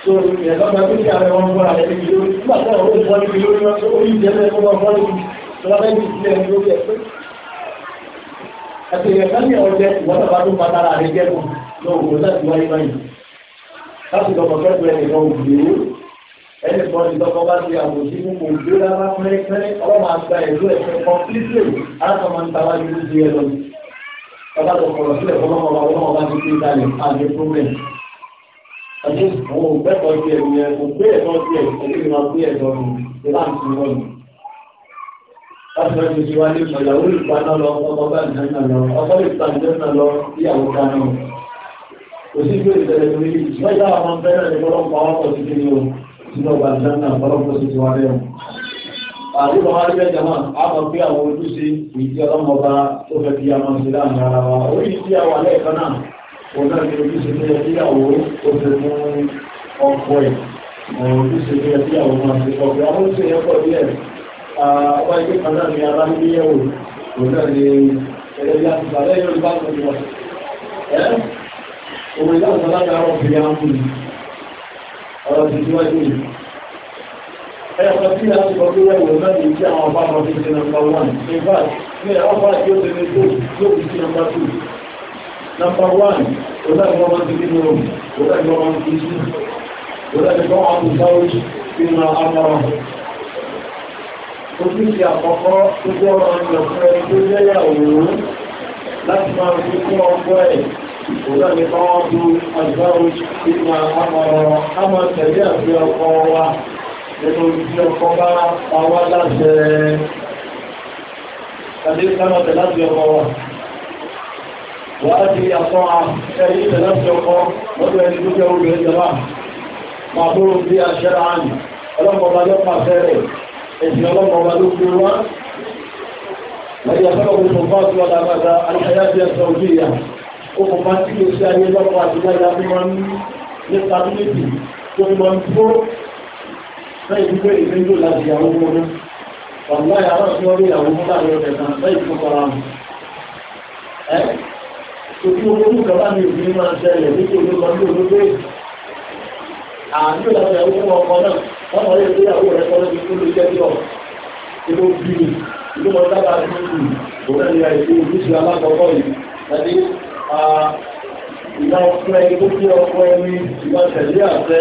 [SPEAKER 1] So, ìyẹ̀lọ́ bá tó ṣe àwọn ọmọ ọmọ rẹ̀ nígbà tó àwọn ọmọ ọmọ rẹ̀ nígbà tó àwọn ọmọ ọmọ rẹ̀ nígbà tó àwọn ọmọ ọmọ rẹ̀ nígbà tó àwọn ọmọ ọmọ rẹ̀ nígbà tó àwọn ọmọ ọmọ rẹ̀ nígbà tó àwọn ẹ̀sìn rẹ̀ kan ní ọjẹ́ ìwọ́n náà bá tó máa dára rẹ̀ jẹ́kù lóògùn láti wáyé báyìí láti lọ́kọ̀ fẹ́ẹ́ fẹ́ẹ́ nìkan òbí ẹni kan ní lọ́kọ̀ bá ti àwọn òsì mú kò gbé rárá pẹ́rẹ́pẹ́rẹ́ ọlọ́mọ àgbà ìlú ẹ̀sẹ̀ àti àwọn òpẹ́kọ̀ọ́ tiẹ̀ ní ẹ̀ kò gbé ẹ̀tọ́ tiẹ̀ ẹ̀kí ni wọ́n ìlànà ìwọ̀n Ọ̀pọ̀ ìjọba ní ìyàwó ìpaná lọ, ọkọ̀ bá ìjọba lọ, ọkọ̀ ìpàdé lọ, ìyàwó kaná. Kò sí pé ìbẹ̀rẹ̀ lórí ìjọba àwọn bẹ́rẹ̀ ní ọlọ́pàá ọkọ̀ sí kí ni ó ti lọ bá ìjọba náà, ọlọ́pàá sí ti wá rẹ̀. Àríwá wá rí bẹ́jẹ̀ máa, a mọ̀ pé àwọn ojúṣe ìjọ ọlọ́mọba tó fẹ́ kí a máa ṣe láàrin ara wa. Orí tí a wà lẹ́ẹ̀kan náà, òun náà ni ọwọ́ ilé kan náà ni ara nílé yẹ̀wò òun náà ni ẹ̀rọ ilé àtìgbà lẹ́yìn olùbá kan lọ ẹ́ òun ilé àtìgbà láti àwọn obìnrin àwọn kùnú ọ̀rọ̀ ti síwájú yìí ẹ̀rọ kan sí láti sọ pé yẹ̀wò náà ni tí àwọn ọba kan ti ṣe nọ́mbà one in fact ní ọba tí ó ti ní tó yóò fi ṣe nọ́mbà two nọ́mbà one òun náà ni wọ́n máa ti nínú òun náà ni wọ́n máa ti sí òun náà ni wọ́n máa ti sáwọ́ nínú àmọ́ràn ojúṣe àkọ́kọ́ tó jẹ́ ọ̀rọ̀ ìlọ̀ fún ẹni tó lẹ́yà òun láti máa fi fún ọgbọ́ ẹ̀ òun ní wọ́n bu àgbà ojú nípa àmọ̀rọ̀ tẹ̀lé àti ọkọ̀ wa nínú tí ọkọ̀ bá pa wá láṣẹ tàbí sáwọn tẹ̀lé àti ọkọ̀ wa wà á di àtọ́ ẹ̀yí tẹ̀lé àti ọkọ̀ ẹ̀sìn ọlọ́mọ ọba ló fi wá lẹ́yìn afẹ́lọ́ fún fún fún àtúwọ́ dáadáa aláyá bí ẹsẹ̀ ojú ìyá ó kò máa tí kìí ṣe ayé lọ́pọ̀ àti láyá bí wọ́n ní stability tó fi máa ń tó lẹ́yìn wípé ìgbéjò láti ìyàwó wọn ní ọ̀nà ìyàwó tí wọ́n rí ìyàwó wọn láàrin ọ̀tẹ̀ kan lẹ́yìn tó kọ́ra wọn. ẹ́ òkú olóògùn kan bá ní òbí máa ń ṣẹlẹ̀ nítorí olóògùn olóògùn àánú ìlànà ìyàwó fún ọkọ náà wọ́n mọ̀ lẹ́yìn ìyàwó rẹ̀ sọ́dọ̀ ti kúrò iṣẹ́ bí ọ̀ inú bí mi inú mọ̀ sábà ní ìlú òun ni àìsí ojúṣe alákọ̀ọ́kọ́ yìí láti ìgbà ọkọ ẹni tó bí ọkọ ẹni ìgbà tẹ̀lé àṣẹ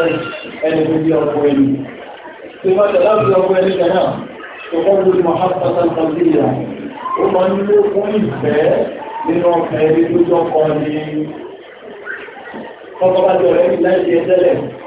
[SPEAKER 1] ẹni tó bí ọkọ ẹni tí wọ́n tẹ̀lá bí ọkọ ẹni kanáà tó kọ́ lórí mahabbata nàìjíríà ó máa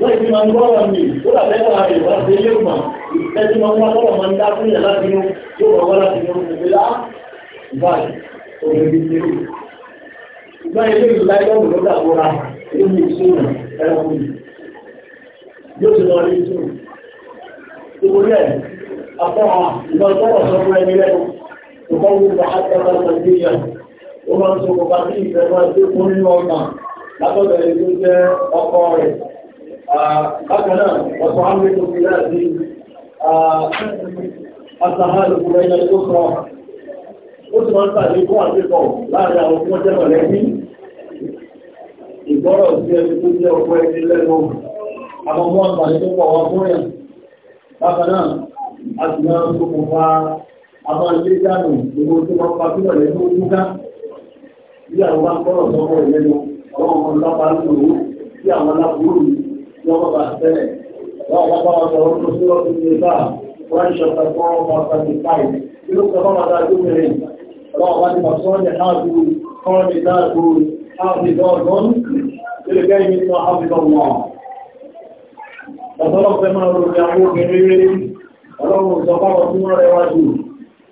[SPEAKER 1] wọ́n ti máa ń gbọ́rọ̀ mi ó là fẹ́ kọ́ra rẹ̀ wọ́n ti lé mọ̀ ìfẹ́ tí máa ń wá kọ́rọ̀ máa ń dá fún ìyàlá ti mú yóò wọ́n wọ́n láti mú ìfẹ́ lá báyìí òun ti ṣe é. ìgbà ilé ìlú láyé ọ̀gbọ̀n ló dàgbọ́ra èyí ni ìṣúná ẹ̀rọ mi yóò ti lọ rí ìṣúná. ìwòrí ẹ̀ afọ́ra ìlọ ìtọ́wọ̀ sọ fún ẹni lẹ́nu ìkọ́ gbogbo àtàkà nàìjíríà ó máa ń sọ bákan náà ọ̀pọ̀ ámìlẹ́tò fi láti àtàhálù kúrẹ́ ilẹ̀ tó sọ ó sì máa ń tàbí fún àtìkọ̀ láàrin àwọn tí wọ́n jẹ́ mọ̀lẹ́bí ìgbọ́rọ̀ sí ẹni tó jẹ́ ọkọ̀ ẹni lẹ́nu àwọn ọmọ àgbàlẹ́ tó pọ̀ wá fún yẹn bákan náà a sì máa ń ṣokùnfà àwọn ilé dànù gbogbo tó máa ń pa sílẹ̀ lẹ́nu ojú ká bí àwọn bá ń kọ́rọ̀ sọ́kọ̀ ìlẹ́nu ọlọ́run ọlọ́pàá ń lò ó sí àwọn aláburú yìí يوم السنة وأخبر له سورة النساء وأنشط القوم فقد يلقى مرة ذا جمهن رغبة مصوني حافظ قوم ذات حافظات للجاي مما حفظ الله فطلب منه يعود بغيره ولو صبر سورة رواجه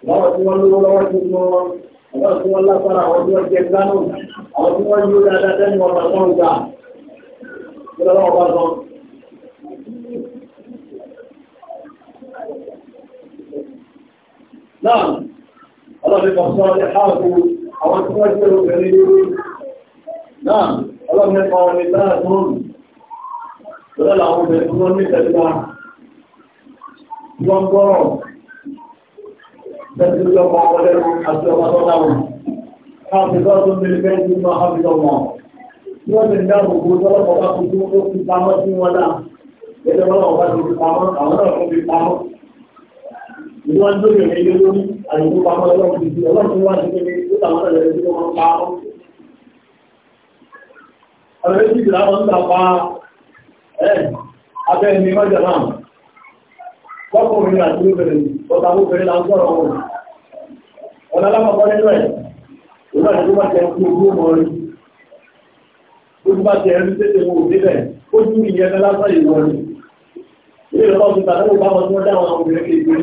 [SPEAKER 1] لو تولوا لو تسمعوا لو تولى فرع وتولى جبلانه أو تولوا لا تتنوى فصوتا كل الله náà ọlọ́run kan sọ ọ́dẹ káàkó àwọn tí wọ́n jẹ́ obìnrin lórí náà ọlọ́run kan wọn ni dára tó ń lọ́dọ̀ làwọn obìnrin tó ní ìtẹ̀lẹ́gbà wọ́n gbọ́rọ̀ tẹ́sí ọmọ ọlẹ́rú àti ọmọ tó dáwọn káàkó tó tó ní ilé ẹni máa hábi lọ́mọ ìwọ́n tó lè lè lórí àyíkú pamọ́ ọlọ́run ti di ọlọ́run wá sí kékeré tó tàwọn ọ̀rẹ́ rẹ̀ tó wọ́n pa ọ́. ọ̀rẹ́ ti dìrà wọn gbà pa ẹ̀ abẹ́ mi mọ́jọ náà lọ́kùnrin àti obìnrin bọ́tà obìnrin là ń sọ̀rọ̀ wọn. ọ̀nà alákọ̀ọ́kọ́ nínú ẹ̀ òun àti tó bá jẹ kú ogún mọ́ rí tó bá jẹ ẹni tètè wọn débẹ̀ ó dún ìyẹn lásán ìwọ ni. ilé tàbí ó bá wọn tí wọ́n dá àwọn obìnrin kékeré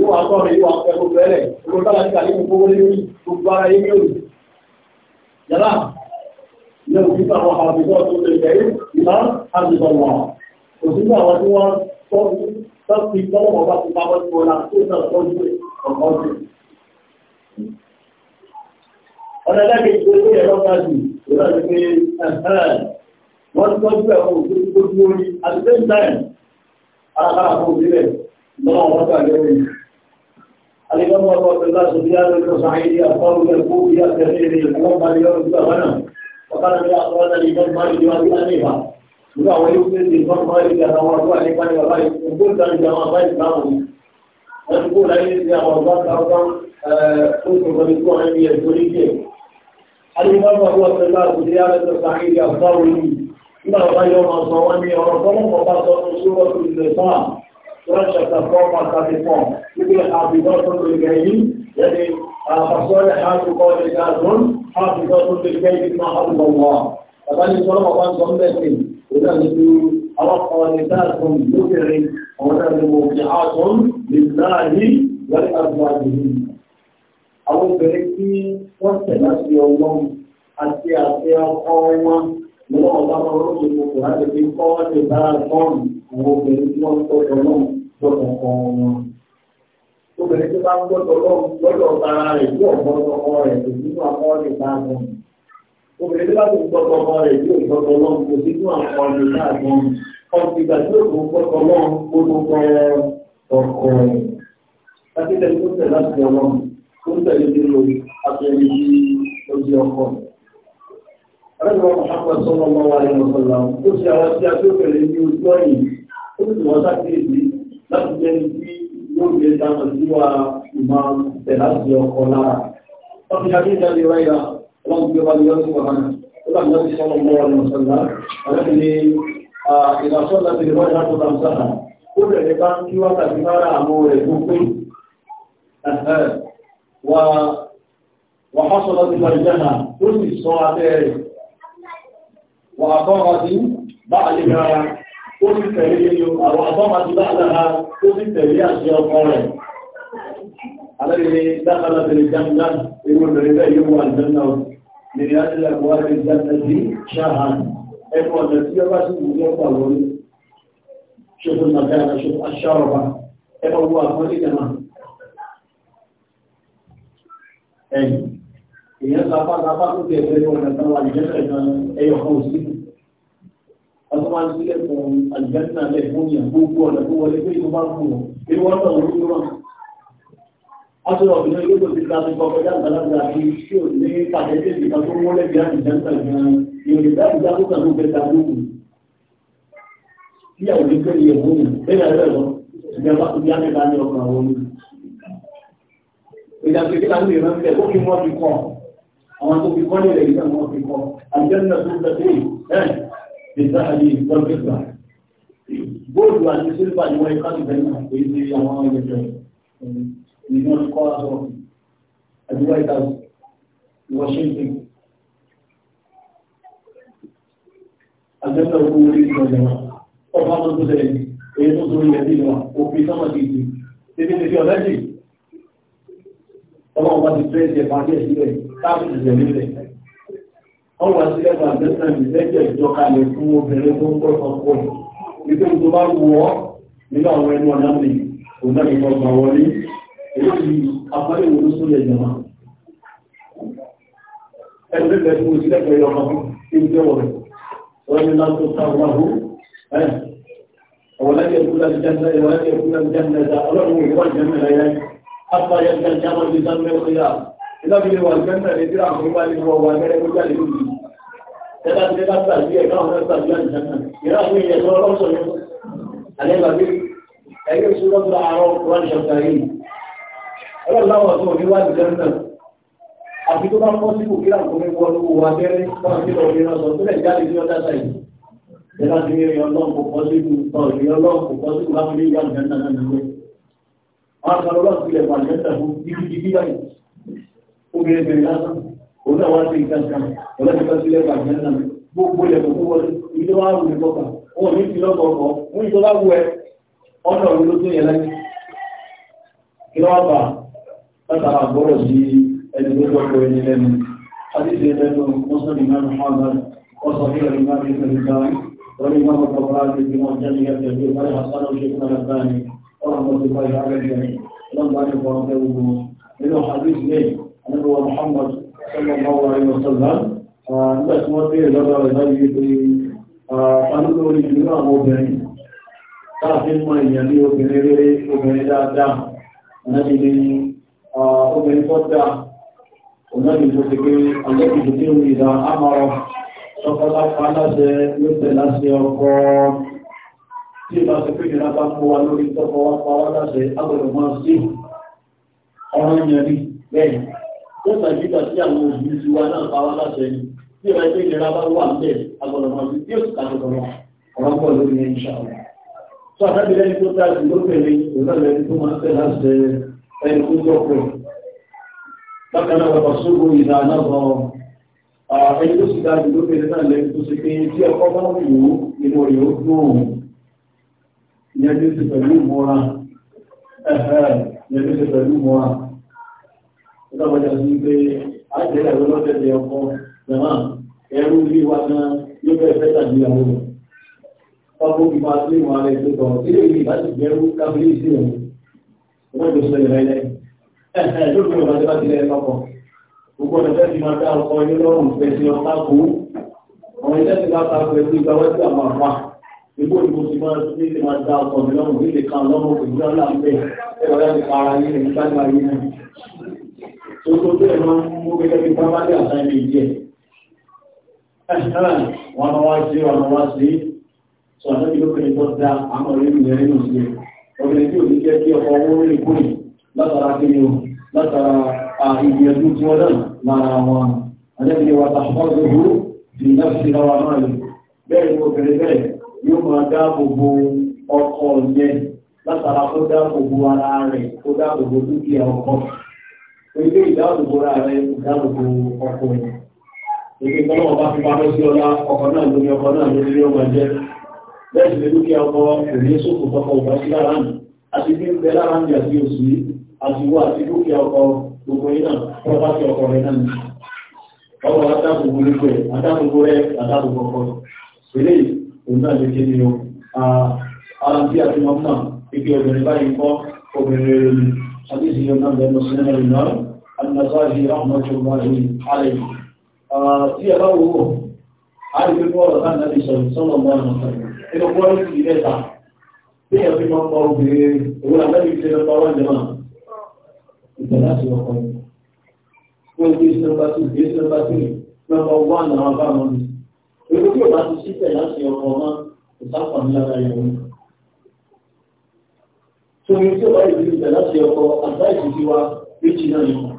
[SPEAKER 1] yóò wá sọ̀rọ̀ yóò wá fẹ́ gbogbo ẹlẹ̀ gbogbo tọ́lá níta nínú gbogbo lórí gbogbo ara yín yóò yàrá ilé òfin fún àwọn àbùsọ̀ tó lè jẹ́ ìmá àbùsọ̀ wà òfin fún àwọn tí wọ́n tọ́ tọ́sí tọ́wọ́ ọba tó bá wọ́n ti wọ́n náà tó náà tọ́jú ọ̀kan jù. ọ̀nà lẹ́kẹ̀ẹ́ tó yẹ lọ́ka jù ìrọ̀lẹ́ pé wọ́n tọ́jú ẹ̀kọ́ òfin tó dúró ní at wọn gbà الإمام أبو الله سفيان بن سعيد أخبره الكوفي الكثير الإمام أبي بن غنم وقال من أخبرنا الإمام مالك وأبي حنيفة لا ويؤمن الإمام مالك أن أمره حنيفة وغيره إن قلت أن جماعتين كانوا نقول أن يا مرضات أرضا كنت بمثل أن يزوريك الإمام أبو الله سفيان بن سعيد أخبره إنه غير ما صواني ورسول وقال سورة النساء such as the form or the form. You will have the gospel regaining, that is, فصالح حال قول كاذب حافظة للبيت ما حفظ الله فقال صلى الله عليه وسلم ونزلوا أرقى نساكم مكر ونزلوا موقعات لله ولأزواجهم àwọn obìnrin tí wọ́n tẹ̀lá sí ọlọ́run àti àti ọkọ wọn lọ́wọ́ bá wọn lóṣèlú kò láti fi kọ́ ọ́ lè bára gbọ́n àwọn obìnrin tí wọ́n tọ́jú ọlọ́run gbọ́kọ̀ọ̀kan wọn. Obìnrin tó bá ń gbọ́dọ̀ lọ́dọ̀ tara rẹ̀ yóò gbọ́dọ̀ ọmọ rẹ̀ kò nínú àwọn ọ̀rẹ́ ìbáàgbọ̀n. Obìnrin tó bá tó gbọ́dọ̀ ọmọ rẹ̀ yóò gbọ́dọ̀ lọ́run kò nínú àwọn ọ̀rẹ́ ìbáàgbọ̀n. Ọ̀gbìgbà tí ó kò gbọ́dọ̀ lọ́run kó ló kọ́ ọkọ̀ rẹ̀. Akíkẹ́ tó tẹ̀ láti ọlọ́run tó tẹ̀lé dé lórí abẹ́rẹ́ ojú ọkọ̀ rẹ̀. Àrẹ́gbọ́n Muhammad sọ́nà ọmọ wa ni mo sọ̀rọ̀ àwọn tó ṣe àwọn tí a tó fẹ̀lé ní ojú ọ̀yìn. Ó sì wọ́n sá jẹ́ni tí yóò lè dáná sí wa ìmọ̀ tẹ̀lá sí ọkọ̀ lára. Wọ́n ti ṣàkíyèsí àti ìwà ìyá ọlọ́run tí ó bá lè yọ sí wàhánà. Ó bá lọ́sí sọ́nà mọ́ wa lọ sọ́nà. Àwọn ti ní ìlàsọ́nà ti wọ́n ìlànà Ó rẹ̀ ó sì tẹ̀lé ní àwọn àbọ́màtí láàdára ó sì tẹ̀lé àṣẹ ọkọ rẹ̀. Alẹ́rẹ̀ dákàlá tẹ̀lé jàmdà ewu bẹ̀rẹ̀ bẹ́ẹ̀ yóò wà jẹ́nà lèrè ájílẹ̀ wà ní jàmdà sí ṣáhàn ẹkọ̀ ọ̀dẹ̀ tí ọba sì wù ní ọ̀pọ̀ lórí. Ṣoṣo nàbẹ́ àṣọ aṣáọba ẹkọ̀ wù àkọ́lé jẹ̀mà. Ẹ̀yìn, èèyàn lápá lápá tó tẹ̀ ẹ̀fẹ́ ọ̀nà táwọn àjẹ́fẹ́ ẹ̀yọ̀ kan òsì. ọtọ́ máa ń sílẹ̀ fún àlùjáde lẹ̀ fún yẹn gbogbo ọ̀nà tó wọlé pé ìlú bá kú wọn èyí wọ́n sọ̀rọ̀ lórí wọn. ọtọ́ ọ̀bìnrin ilé tó ti ta ti kọkọ já àgbàlagbà àti tí ò ní pàṣẹ tí èdè kan tó ń wọlé bí àlùjáde gan-an ìròyìn dáàbò dáàbò kan ló fẹ́ ta lóko. tíyàwó ní pé ìyẹ̀ fún yẹn bẹ́ẹ̀ náà lọ́wọ́ ìjọba tó bí ámẹ́ta ní ọkàn àwọn kí wọ́n fi kọ́ àwọn tó fi kọ́ nílẹ̀ yìí náà wọ́n fi kọ́ àlùjáde náà tó ń ìsáàlì ìpọ́lùfẹ́fà góòlù àti sílùfà ni wọ́n ikọ́ ìfẹ́ náà pé ní àwọn ẹgbẹ́ ní wọ́n kọ́ aṣọ àdúgbò ìta Washington àjẹ́sẹ̀ owó orí ìjọba ọba tó tó lẹ́yìn èyí tó tó ilẹ̀ bí wọn òfin sọ́mọ ti ti tètè tètè ọ̀lẹ́jì ọlọ́run bá ti tẹ́ ẹ̀jẹ̀ bá díẹ̀ sílẹ̀ káàkiri ìjẹ̀ nílẹ̀ ọwọ́ sílẹ̀ gbàgbẹ́sà ìlẹ́jẹ̀ ìjọkalẹ̀ fún obìnrin tó ń pọ̀ ọkọ̀ nígbà tó bá wù ọ́ nínú àwọn ẹnu ọ̀nà mi kò náà nìkan gbà wọlé èyí àpárí ìwò ló sólẹ̀ jọmọ́ ẹgbẹ́ bẹ̀rẹ̀ fún ìsílẹ̀ pẹ̀lú ọmọ tí ń jẹ́wọ̀ rẹ̀ wọ́n ní láti ta wàhú ọ̀wọ̀lẹ́gẹ̀ kúlẹ̀ jẹ́ ọ̀wọ̀lẹ́gẹ̀ kúlẹ̀ jẹ́ ọlọ́run ìwọ̀n jẹ́ mẹ́rẹ̀ yẹn ìlọ́bìnrin wọn gbẹ́mẹ̀ ní tíra àwọn ìwà nínú ọwọ́ agbẹ́rẹ́ tó jáde lórí ẹ̀dá ti lẹ́ka sàbí ẹ̀ káwọn náà sàbí àjẹ́ náà ìrà àwọn èèyàn tó lọ́sọ̀ ní àlẹ́gbàgbé ẹ̀yẹ́ oṣù lọ́sọ̀ àárọ̀ wọn ṣọ̀tà yìí ọlọ́run láwọn tó ní wá ìjẹ́ náà àfi tó bá kọ́ síkò kí láwọn omi wọlé owó agbẹ́rẹ́ wọn ti jáde ní ọjà obìnrin bẹ̀rẹ̀ lásán òun náà wá sí nǹkan kan ọlọ́dún kan sílẹ̀ bàjẹ́ náà gbogbo ilẹ̀kùn tó wọlé ilé wa rù ní kọ́kà wọn ò ní ti lọ́kọ̀ ọkọ̀ wọn ìjọ bá wù ẹ ọ̀nà òun ló tó yẹ lẹ́yìn kí lọ́wọ́ bà látara gbọ́rọ̀ sí ẹni tó gbọ́kọ̀ ẹni lẹ́nu حديث يدل مسلم الإمام محمد وصحيح الإمام ابن الكلام والإمام الطبراني في معجمه الكبير ولحسنه شيخنا الألباني ورحمة الله على الجميع لما يقرأه منه حديث ليه àníbọ̀ Muhammad sallallahu alaihi wasallam nígbà tí wọ́n tẹ́ ìlọ́dọ̀ rẹ̀ láyé pé àánúlò orí ìlú àwọn obìnrin táàfin mọ èèyàn ní obìnrin rere obìnrin dáadáa ànábi ní obìnrin tó dáa ònábi tó ti pé àlẹ́kùnrin tí ó ń ìdá àmọ́rọ̀ tọ́kọ́lá paláṣẹ yóò tẹ̀ láṣẹ ọkọ̀ tí ìbá ti pé ìrìnà bá kó wa lórí tọ́kọ́ wá pa wá láṣẹ agbọ̀dọ̀ máa sí ọ̀rọ̀ yẹn rí bẹ́ẹ̀ ó sàn yíká sí àwọn òbí ti wa náà pa wá láṣẹ ni tí ìwà ẹgbẹ́ ìlera bá wà níbẹ̀ agbọ̀nàmọ́ sí tí ó sì kàtó tọ̀nà ọ̀rọ̀ pọ̀ lórí ẹ̀ ìṣàlọ́. sọ àtàkìlẹ́ ní tó dájú ló tẹ̀lé ìrọ̀lẹ́ tó máa ń tẹ̀ láṣẹ ẹni tó tọ̀pọ̀. bákan náà wọ́n sógbó ìlà náà ẹni tó sì dájú ló tẹ̀lé náà lẹ́ni lọ́wọ́dà sí pé àjẹ́lẹ̀ lọ́tẹ̀lẹ̀ ọkọ̀ jẹ̀má ẹrú bí wa náà yóò bẹ̀rẹ̀ fẹ́ta ní àwọn ọmọ pápó kí máa sí ìwọ̀n ara ètò kan ilé ìlú láti jẹ́rú kábílì sí ẹ̀mú wọ́n tó sọ ìrẹ́ ilẹ̀ ẹ̀ẹ́ lórí ọ̀gá tó bá ti lẹ́yìn lọ́kọ̀ gbogbo ọ̀nà fẹ́ fi máa dá ọkọ̀ ilé lọ́rùn fẹ́ sí ọ̀pá kú àwọn ilé ti bá ta fẹ́ sí ìgbà wẹ́sí àwọn àpá ìgbó ni mo ti máa ní ti máa dá ọkọ̀ mi lọ́rùn nílé kan lọ́rùn òkè ní ọ̀là ń bẹ̀ ẹ̀rọ láti para yín ní ìgbàgbà yín náà tó tó bẹ́ẹ̀ máa ń mú gẹ́gẹ́ bí pàmádé àtàrí ìdíẹ̀ wọ́n wá sí wọ́n wá sí sọ àtàkì lókèrè tó dá àwọn orí ìrìn nínú sí obìnrin tí ò ní jẹ́ kí ọkọ̀ owó rí kúrì látara kí ni o látara ìgbìyànjú tí wọ́n náà lára wọn àjẹ́bí wa tàbí ọdún ìdáṣẹ́ lára náà kó dáàbò bo ara rẹ̀ kó dáàbò bo dúkìá ọkọ̀ ilé ìdáàbòbò ra rẹ ìdáàbòbò ọkọ̀ rẹ̀. Èké tọ́lọ́ ọba fi pamọ́ sí ọlá ọkọ̀ náà lórí ọkọ̀ náà lórí ilé ọmọ jẹ́. Bẹ́ẹ̀ sì lè dúkìá ọkọ̀ òní sókò tọkọ̀ ọba sí lára nì. Àti bí ń bẹ lára nì àti òsì àti wọ àti dúkìá ọkọ̀ gbogbo yìí náà tọ́lọ́bá sí ọkọ̀ rẹ̀ náà nì. Ọkọ̀ adáàbòbò lóko ẹ̀ adáàbòbò rẹ̀ adáàbòbò ọkọ̀. Ilé òun náà lè ké nínú. Ara bí báyìí kọ́ obìnrin rẹ̀ حديث الإمام المسلم الإمام النصاري رحمة الله عليه في أبوه عارف الوضع عن النبي صلى الله عليه وسلم إنه قال في بيتا هي في مطلوب به هو النبي في الطوال جماعة الثلاث وقوله قل في اسم الباسل في اسم الباسل نمبر 1 نمبر 1 يقول لك أنت سيكون ناس يوم ما تصفى لا يقولون torí tí ọba ìlú ìgbà láti ọkọ àgbá ìdíjí wa méjì náà ni wọn.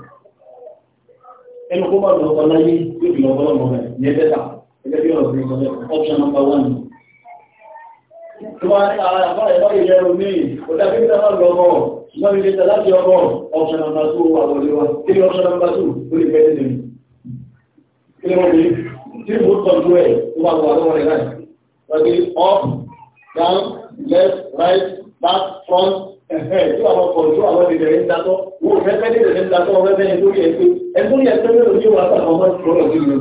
[SPEAKER 1] ẹnu kó bá lọ́kọ láyé yóò fi lọ́kọ́ lọ́mọ rẹ̀ ní ẹgbẹ́ ta ẹgbẹ́ bí ọ̀rọ̀ fi sọ bẹ́ẹ̀ option number one. tí wọ́n á àbá ẹ̀ báyìí yẹ omi ọ̀dà bí ìgbà náà lọ́kọ̀ ṣùgbọ́n mi lè tẹ̀ láti ọkọ̀ option number two wà wọlé wa kí ni option number two ó lè fẹ́ tẹ̀lé. kí ni wọ́n fi tí mo tọ́jú ẹ̀ tó bá wà lọ́wọ́ rẹ̀ láì. wọ́n fi up down left right back front tí àwọn ọkọ̀ tí àwọn ènìyàn ń datọ́ wọ́n fẹ́ fẹ́ ní ìrẹ̀lẹ̀ ń datọ́ wọ́n fẹ́ ní lórí ẹgbẹ́ ẹgbẹ́ ní ẹgbẹ́ mẹ́rin ní wà sàkọ́ ọmọ ìṣòro sí ìlú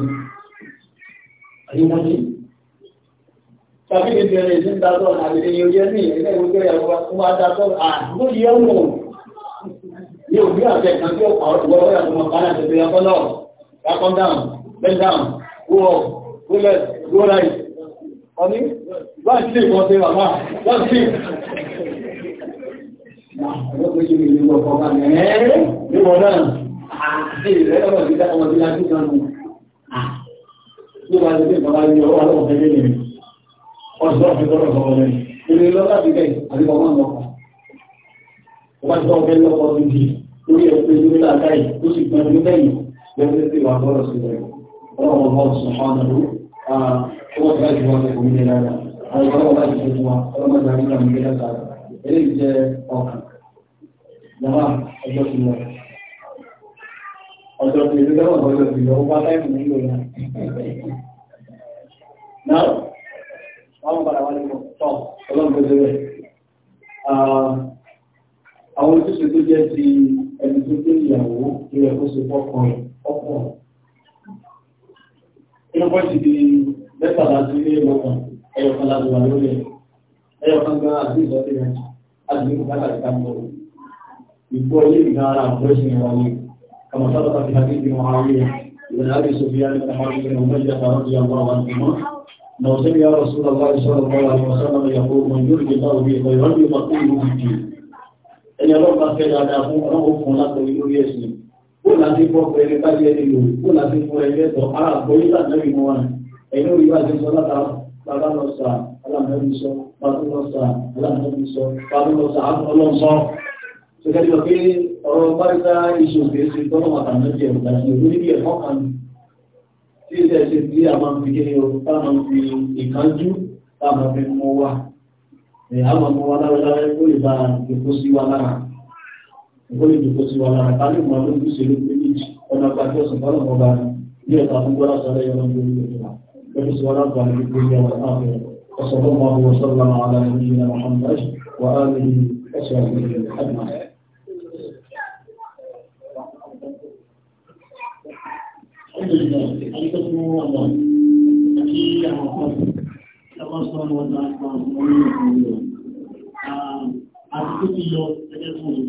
[SPEAKER 1] àyíwájú tàbí ní ìrẹ̀lẹ̀ ìdí ń datọ́ àbẹ̀rẹ̀ yóò jẹ́ ní ẹgbẹ́ ìwé ẹ̀rọ fún adatọ́ àgbóyè ọmọ yóò bí àṣẹ kan tí ọ̀pọ̀ ọ̀rọ̀ ọ̀rọ̀ àti mọ̀kánà tẹ̀lé ọpọlọ bacon ẹ̀ẹ́ níwọ̀n náà àti ìrẹ́lọ́wọ́ ti dá ọmọ tí láti kan Ní wàá lè bàbá ní ọwọ́ àlọ́ ọ̀fẹ́ lé mi. Ọ̀sọ́ fi tọrọ sọ̀rọ̀ lẹ́yìn. Ilé lọ́lá ti bẹ̀ àti bàbá ń lọ́kọ̀. Wọ́n bá ti tọ́ ọ̀fẹ́ lọ́kọ̀ ti di lórí ẹ̀kọ́ ìlú nílà káyì tó sì ní lẹ́yìn lẹ́yìn tí wàá tọrọ sí rẹ̀. Ọlọ́run ọmọ sùn hàn ló ọwọ́ ti láti Jọba ọjọ́ ti lọ. Ọjọ́ ti lọ lọ́wọ́ ọjọ́ ti lọ, ó bá táìmù nílò náà. Náà, wọ́n mú padà wálé pọ̀ tọ́ ọlọ́run tó débẹ̀. Àwọn ojúṣe tó jẹ́ ti ẹni tó dé ìyàwó ló yẹ kó ṣe fọ́kàn rẹ̀ di mẹ́tàlá sí ilé ìwọ̀n ẹ̀yọ̀kan láti wà lórí ẹ̀. Ẹ̀yọ̀kan gan àti ìsọ́tẹ̀ rẹ̀ àti ìmúkálà ìdámọ̀ rẹ̀. يقول لي إن أنا رجل رميم كما سبق في حديث معاوية بن أبي سفيان بن حرب بن أمية رضي الله عنهما لو سمع رسول الله صلى الله عليه وسلم يقول من يرجي الله به خيرا يفقهه في الدين ẹni ọlọ́pàá fẹ́ dáadáa fún ọlọ́pàá fún látọ̀rí lórí ẹ̀sìn kó láti fọ́ pẹ̀lú kájí ẹni lò kó láti fún ẹgbẹ́ tọ̀ ara àgbóyé látàrí mọ́ wọn ẹ̀yìn orí bá ti sọ látara bàbá lọ sà alámẹ́rin sọ bàbá lọ sà alámẹ́rin sọ bàbá lọ sà ọlọ́sọ Sọ́kẹ́ sọ pé ọ̀rọ̀ pàrísá iṣẹ́ òkèèṣe tọ́nà àtàmẹ́jì ẹ̀rùgbà sí ìlú níbi ẹ̀kọ́ kan tí ó tẹ́ ṣe tí a máa ń fi kéde ọ̀rọ̀ tá a máa ń fi ìkánjú tá a máa fi mú wá. A máa mú wá láwẹ́láwẹ́ kó lè bá ìkó sí wa lára. Ìkó lè dùkó sí wa lára. الله وسلم على نبينا محمد وآله وصحبه أجمعين ọ̀dọ̀ àti àwọn ọkọ̀ ẹ̀kọ́ sọ́nà ọ̀dọ̀ àti àwọn ọmọ orílẹ̀-èdè àti tó ti lọ ẹgbẹ́ tó ń gbà